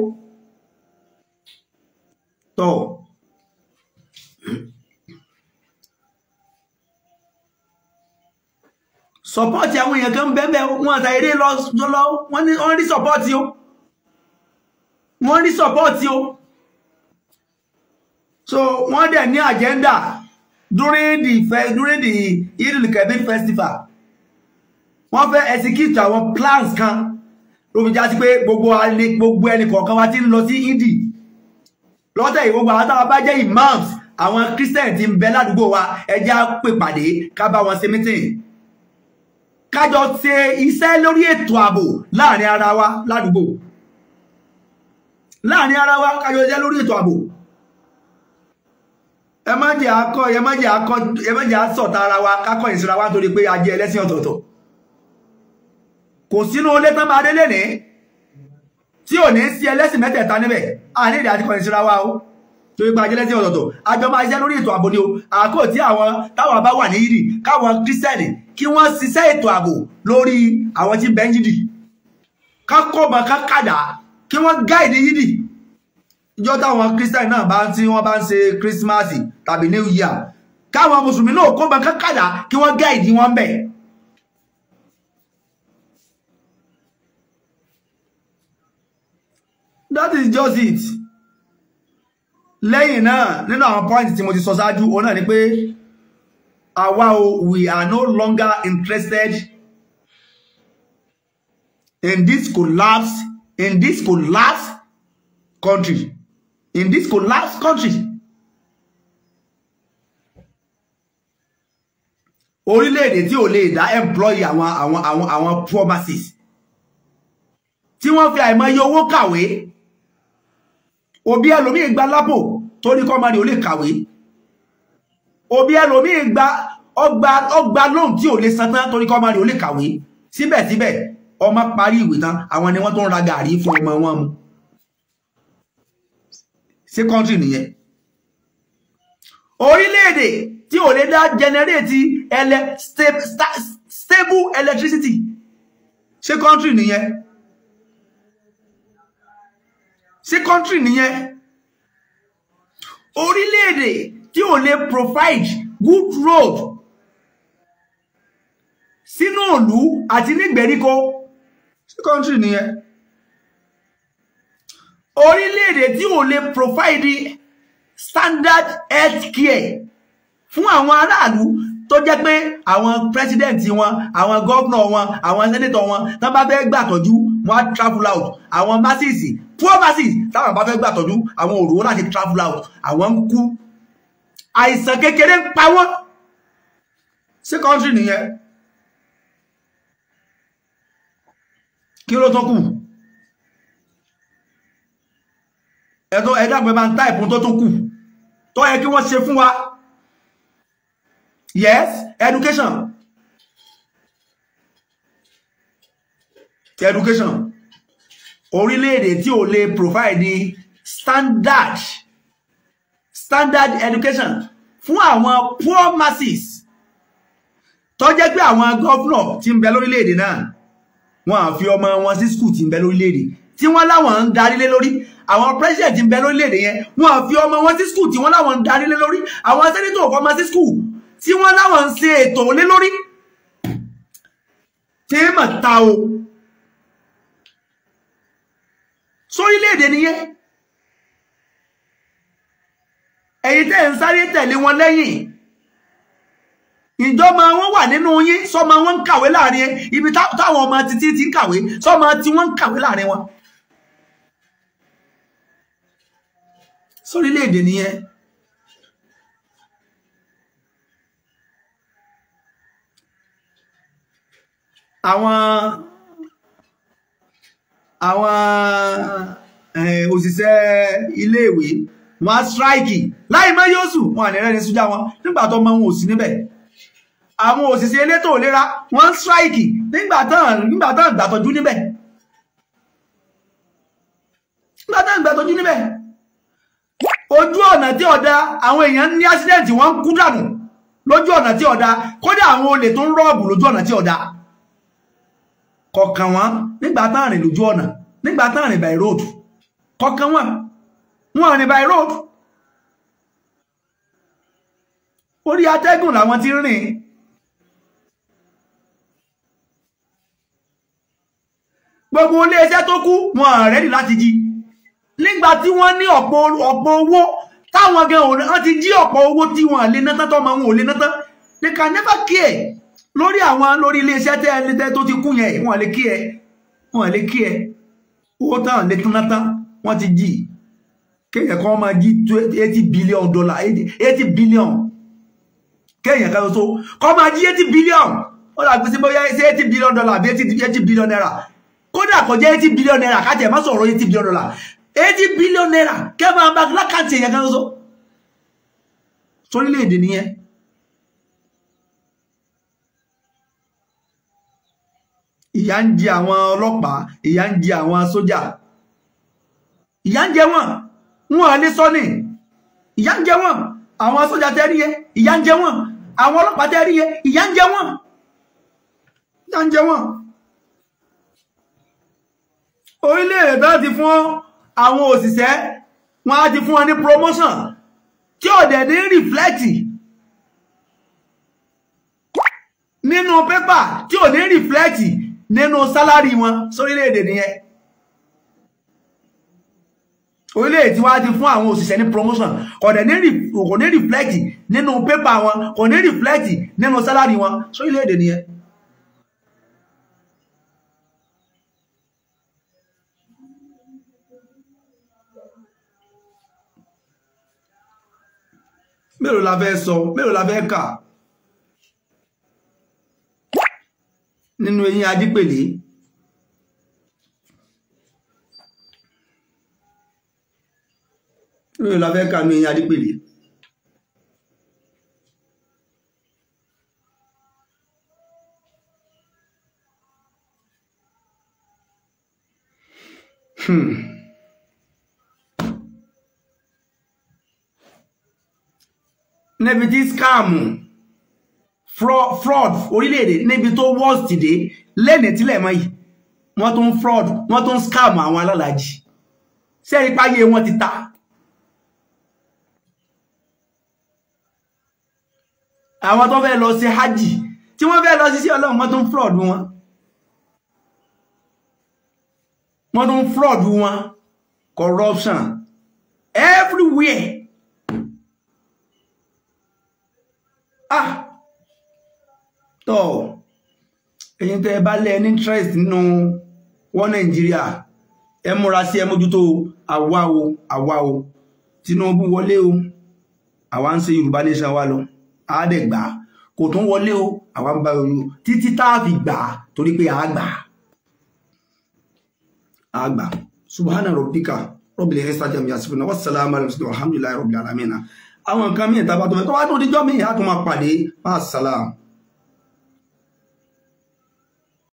tọ́ sọpọ́ọ̀tì àwọn èèyàn kan ń bẹ́ẹ̀bẹ́ o wọ́n àtàrí lọ wọ́n ní sọpọ́ọ̀tì o. So, wọ́n rí support o so wọ́n dẹ̀ ní agenda during the during the Eid Kabir festival wọ́n fẹ́ execute àwọn plans kan ló fi já sí pé gbogbo gbogbo ẹnì kọ̀ọ̀kan wa ti ń lọ sí Eid lọ́tẹ̀ ìgbogbo àwọn táwọn bá jẹ́ imams àwọn christian ti ń bẹ ládùúgbò wa ẹjẹ́ á pè pàdé ká bá wọn ṣe meeting kájọ ṣe iṣẹ́ lórí ètò ààbò láàrin ara wa ládùúgbò láàrin ara wa kájọ jẹ́ lórí ètò ààbò ẹ má jẹ́ akọ ẹ má jẹ́ akọ ẹ má jẹ́ asọ̀tà ara wa kákọ̀ ìsira wa nítorí pé a jẹ́ ẹlẹ́sìn ọ̀tọ̀ọ̀tọ̀ kò sínú ilé tán bá délé ní tí ò ní sí ẹlẹ́sìn mẹ́tẹ̀ẹ̀ta níbẹ̀ àní ìdí àti kọ̀yìn síra wa o torí pé a jẹ́ ẹlẹ́sìn ọ̀tọ̀ọ̀tọ̀ àjọ máa ṣiṣẹ́ lórí ètò ààbò ni o àkó tí àwọn táwọn bá wà ní yìí káwọn kírísítẹ́nì kí wọ́n ṣiṣẹ́ ètò ààbò lórí àwọn tí bẹ́ńjìdì kákọ̀ọ̀bọ̀ kákàdá kí wọ́n gáìdì yídì ìjọ táwọn christian náà bá tí wọ́n bá ń ṣe christmas tàbí new year káwọn mùsùlùmí náà kó bá kákàdá kí wọ́n gáìdì wọn bẹ̀. that is just it lẹ́yìn náà nínú àwọn point tí mo ti sọ ṣáájú òun náà ni pé àwa o we are no longer interested in this collapse in this collapsed country in this collapsed country orílẹ̀-èdè tí ò lè dá employ àwọn àwọn àwọn àwọn promises tí wọ́n fi àìmọye owó kàwé òbí ẹlòmíì gba lápò tó ní kọ́ mari ò lè kàwé òbí ẹlòmíì gba ọgbà ọgbà lóhùn tí ò lè san tán tó ní kọ́ mari ò lè kàwé síbẹ̀síbẹ̀ ọmọ parí ìwé tán àwọn ni wọ́n tó ń ra gàrí fún ọmọ wọn mu ṣé kọ́ńtì nìyẹn orílẹ̀-èdè tí ò lè dá jẹnẹrétì ẹlẹ stable electricity ṣé kọ́ńtì nìyẹn ṣé kọ́ńtì nìyẹn orílẹ̀-èdè tí ò lè provide good road sínú òlú àti nígbèríko sí kọ́ńtì nìyẹn orílẹ̀-èdè tí ò lè provide standard health care fún àwọn aráàlú tó jẹ́ pé àwọn president wọn àwọn governor wọn àwọn senator wọn tán bá fẹ́ gbàtọ́jú wọn á travel out àwọn masses poor masses táwọn bá fẹ́ gbàtọ́jú àwọn òrùwó láti travel out àwọn ń kú àìsàn kékeré ń pa wọ́n sí kọ́ńtì nìyẹn kí ló tún kù ẹ̀tọ́ ẹ̀dàgbẹ́ bá ń tá ìbọn tó tún kù tó yẹ kí wọ́n ṣe fún wa yes education education orílẹ̀-èdè tí ò lè provide standard standard education fún àwọn poor masses tó jẹ́ pé àwọn gọ́fúnọ̀ tí ń bẹ lórílẹ̀-èdè náà wọn à fi ọmọ wọn sí skul tí ń bẹ lórílẹ̀-èdè tí wọ́n láwọn ń darí lé lórí àwọn president ń bẹ lórílẹ̀-èdè yẹn wọn à fi ọmọ wọn sí skul tí wọ́n láwọn ń darí lé lórí àwọn sẹ́nitọ̀ fọmọ sí skul tí wọ́n láwọn ń ṣe ètò lé lórí téèmọ̀ ta o sórílẹ̀-èdè nìyẹn ẹ̀yin tẹ́ ń sáré tẹ̀lé wọn lẹ́yìn ìjọba wọn wà nínú yín sọmọ wọn ń kàwé láàrin ibi táwọn ọmọ títí ti ń kàwé sọmọ tí wọn ń kàwé láàrin wọn. sórílẹ̀ nìyẹn àwọn àwọn òṣìṣẹ́ iléèwé wọn á ṣíráìkì láì mọ́ yóò sùn wọn à ní rẹ́ni sójà wọn nígbà tó mọ wọn ò sí níbẹ̀. àwọn òṣìṣẹ́ elétò òlera wọ́n ń ṣáìkì nígbà níbẹ̀ ojú ọ̀nà tí ọ̀dá àwọn èèyàn ní accident wọ́n kú dànù lójú ọ̀nà tí ọ̀dà kódà àwọn olè tó ń rọ́ọ̀bù lójú ọ̀nà tí ọ̀dá wọn nígbà tán rìn lójú ọ̀nà nígbà tán rìn by road wọn wọn by road orí atẹ́gùn làwọn ti rìn gbogbo iléeṣẹ́ tó kú wọn rẹ́dì láti jí nígbà tí wọ́n ní ọ̀pọ̀ owó táwọn gan òun ti jí ọ̀pọ̀ owó tí wọ́n lè nátán tọ́mọ wọn ò lè nátán they can never care lórí àwọn lórí iléeṣẹ́ tẹ́ ẹni tẹ́ tó ti kú yẹn wọ́n lè kí ẹ wọ́n lè kí ẹ owó táwọn lè tán nátán wọ́n ti jí kéèyàn kan máa jí eighty billion dollar eighty billion kéèyàn kan tó kọ́ máa jí eighty billion ó dàgbé sí bóyá eighty billion dollar àbí eighty billion naira kódà kò jẹ́ eighty billion naira kájẹ̀ má sọ̀rọ̀ eighty billion dollar eighty billion naira kẹ́ máa bá lákàtì èèyàn kan ṣoṣo sórílẹ̀-èdè nìyẹn. ìyà ń jẹ àwọn ọlọ́pàá ìyà ń jẹ àwọn sójà ìyà ń jẹ wọn wọn à lè sọ ń jẹ wọn àwọn sójà tẹ́ rí yẹ ìyà ń jẹ wọn àwọn ọlọ́pàá tẹ́ rí yẹ ìyà ń jẹ wọn ìyà ń jẹ wọn orílẹ̀-èdè tó ti fún àwọn òṣìṣẹ́ wọn á ti fún wọn ní promotion tí ọ̀dẹ̀ ní reflect nínú pépà tí ò ní reflect nínú sálárì wọn sórílẹ̀-èdè nìyẹn orílẹ̀-èdè tí wọ́n á ti fún àwọn òṣìṣẹ́ ní promotion kò ní reflect nínú pépà wọn kò ní reflect nínú sálárì wọn sórílẹ̀-èdè nìyẹn mélòó la fẹ́ sọ mélòó la fẹ́ kà nínú eyín adípèlé mélòó la fẹ́ kà nínú eyín adípèlé. Hmm. níbi tí scam fraud orílẹ̀-èdè níbi tó worst dé lẹ́nìí tílẹ̀ mọ́ yìí wọ́n tún fraud wọ́n tún scam àwọn alálàájì sẹ́rí páyé wọn ti ta àwọn tó fẹ́ lọ sí hajj tí wọ́n fẹ́ lọ sí sí ọlọ́run wọ́n tún fraud wọn wọ́n tún fraud wọn corruption everywhere ah tọ́ ẹ̀yin tẹ́ ẹ bá lẹ́ ní interest nínú wọ́n nàìjíríà ẹ múra sí ẹ mójútó àwa o àwa o Tinubu wọlé o àwa ń ṣe Yorùbá nation wa lọ àádẹ́gbà kò tún wọlé o àwa ń bá oyún títí tá a fi gbà torí pé a gbà a gbà subhana rabbika rabbil izzati amma yasifun wa salamun alal mursalin walhamdulillahi rabbil alamin àwọn nǹkan míì tàbátọ̀ tó wá tó díjọ́ míì á tún máa pàdé máa sàlám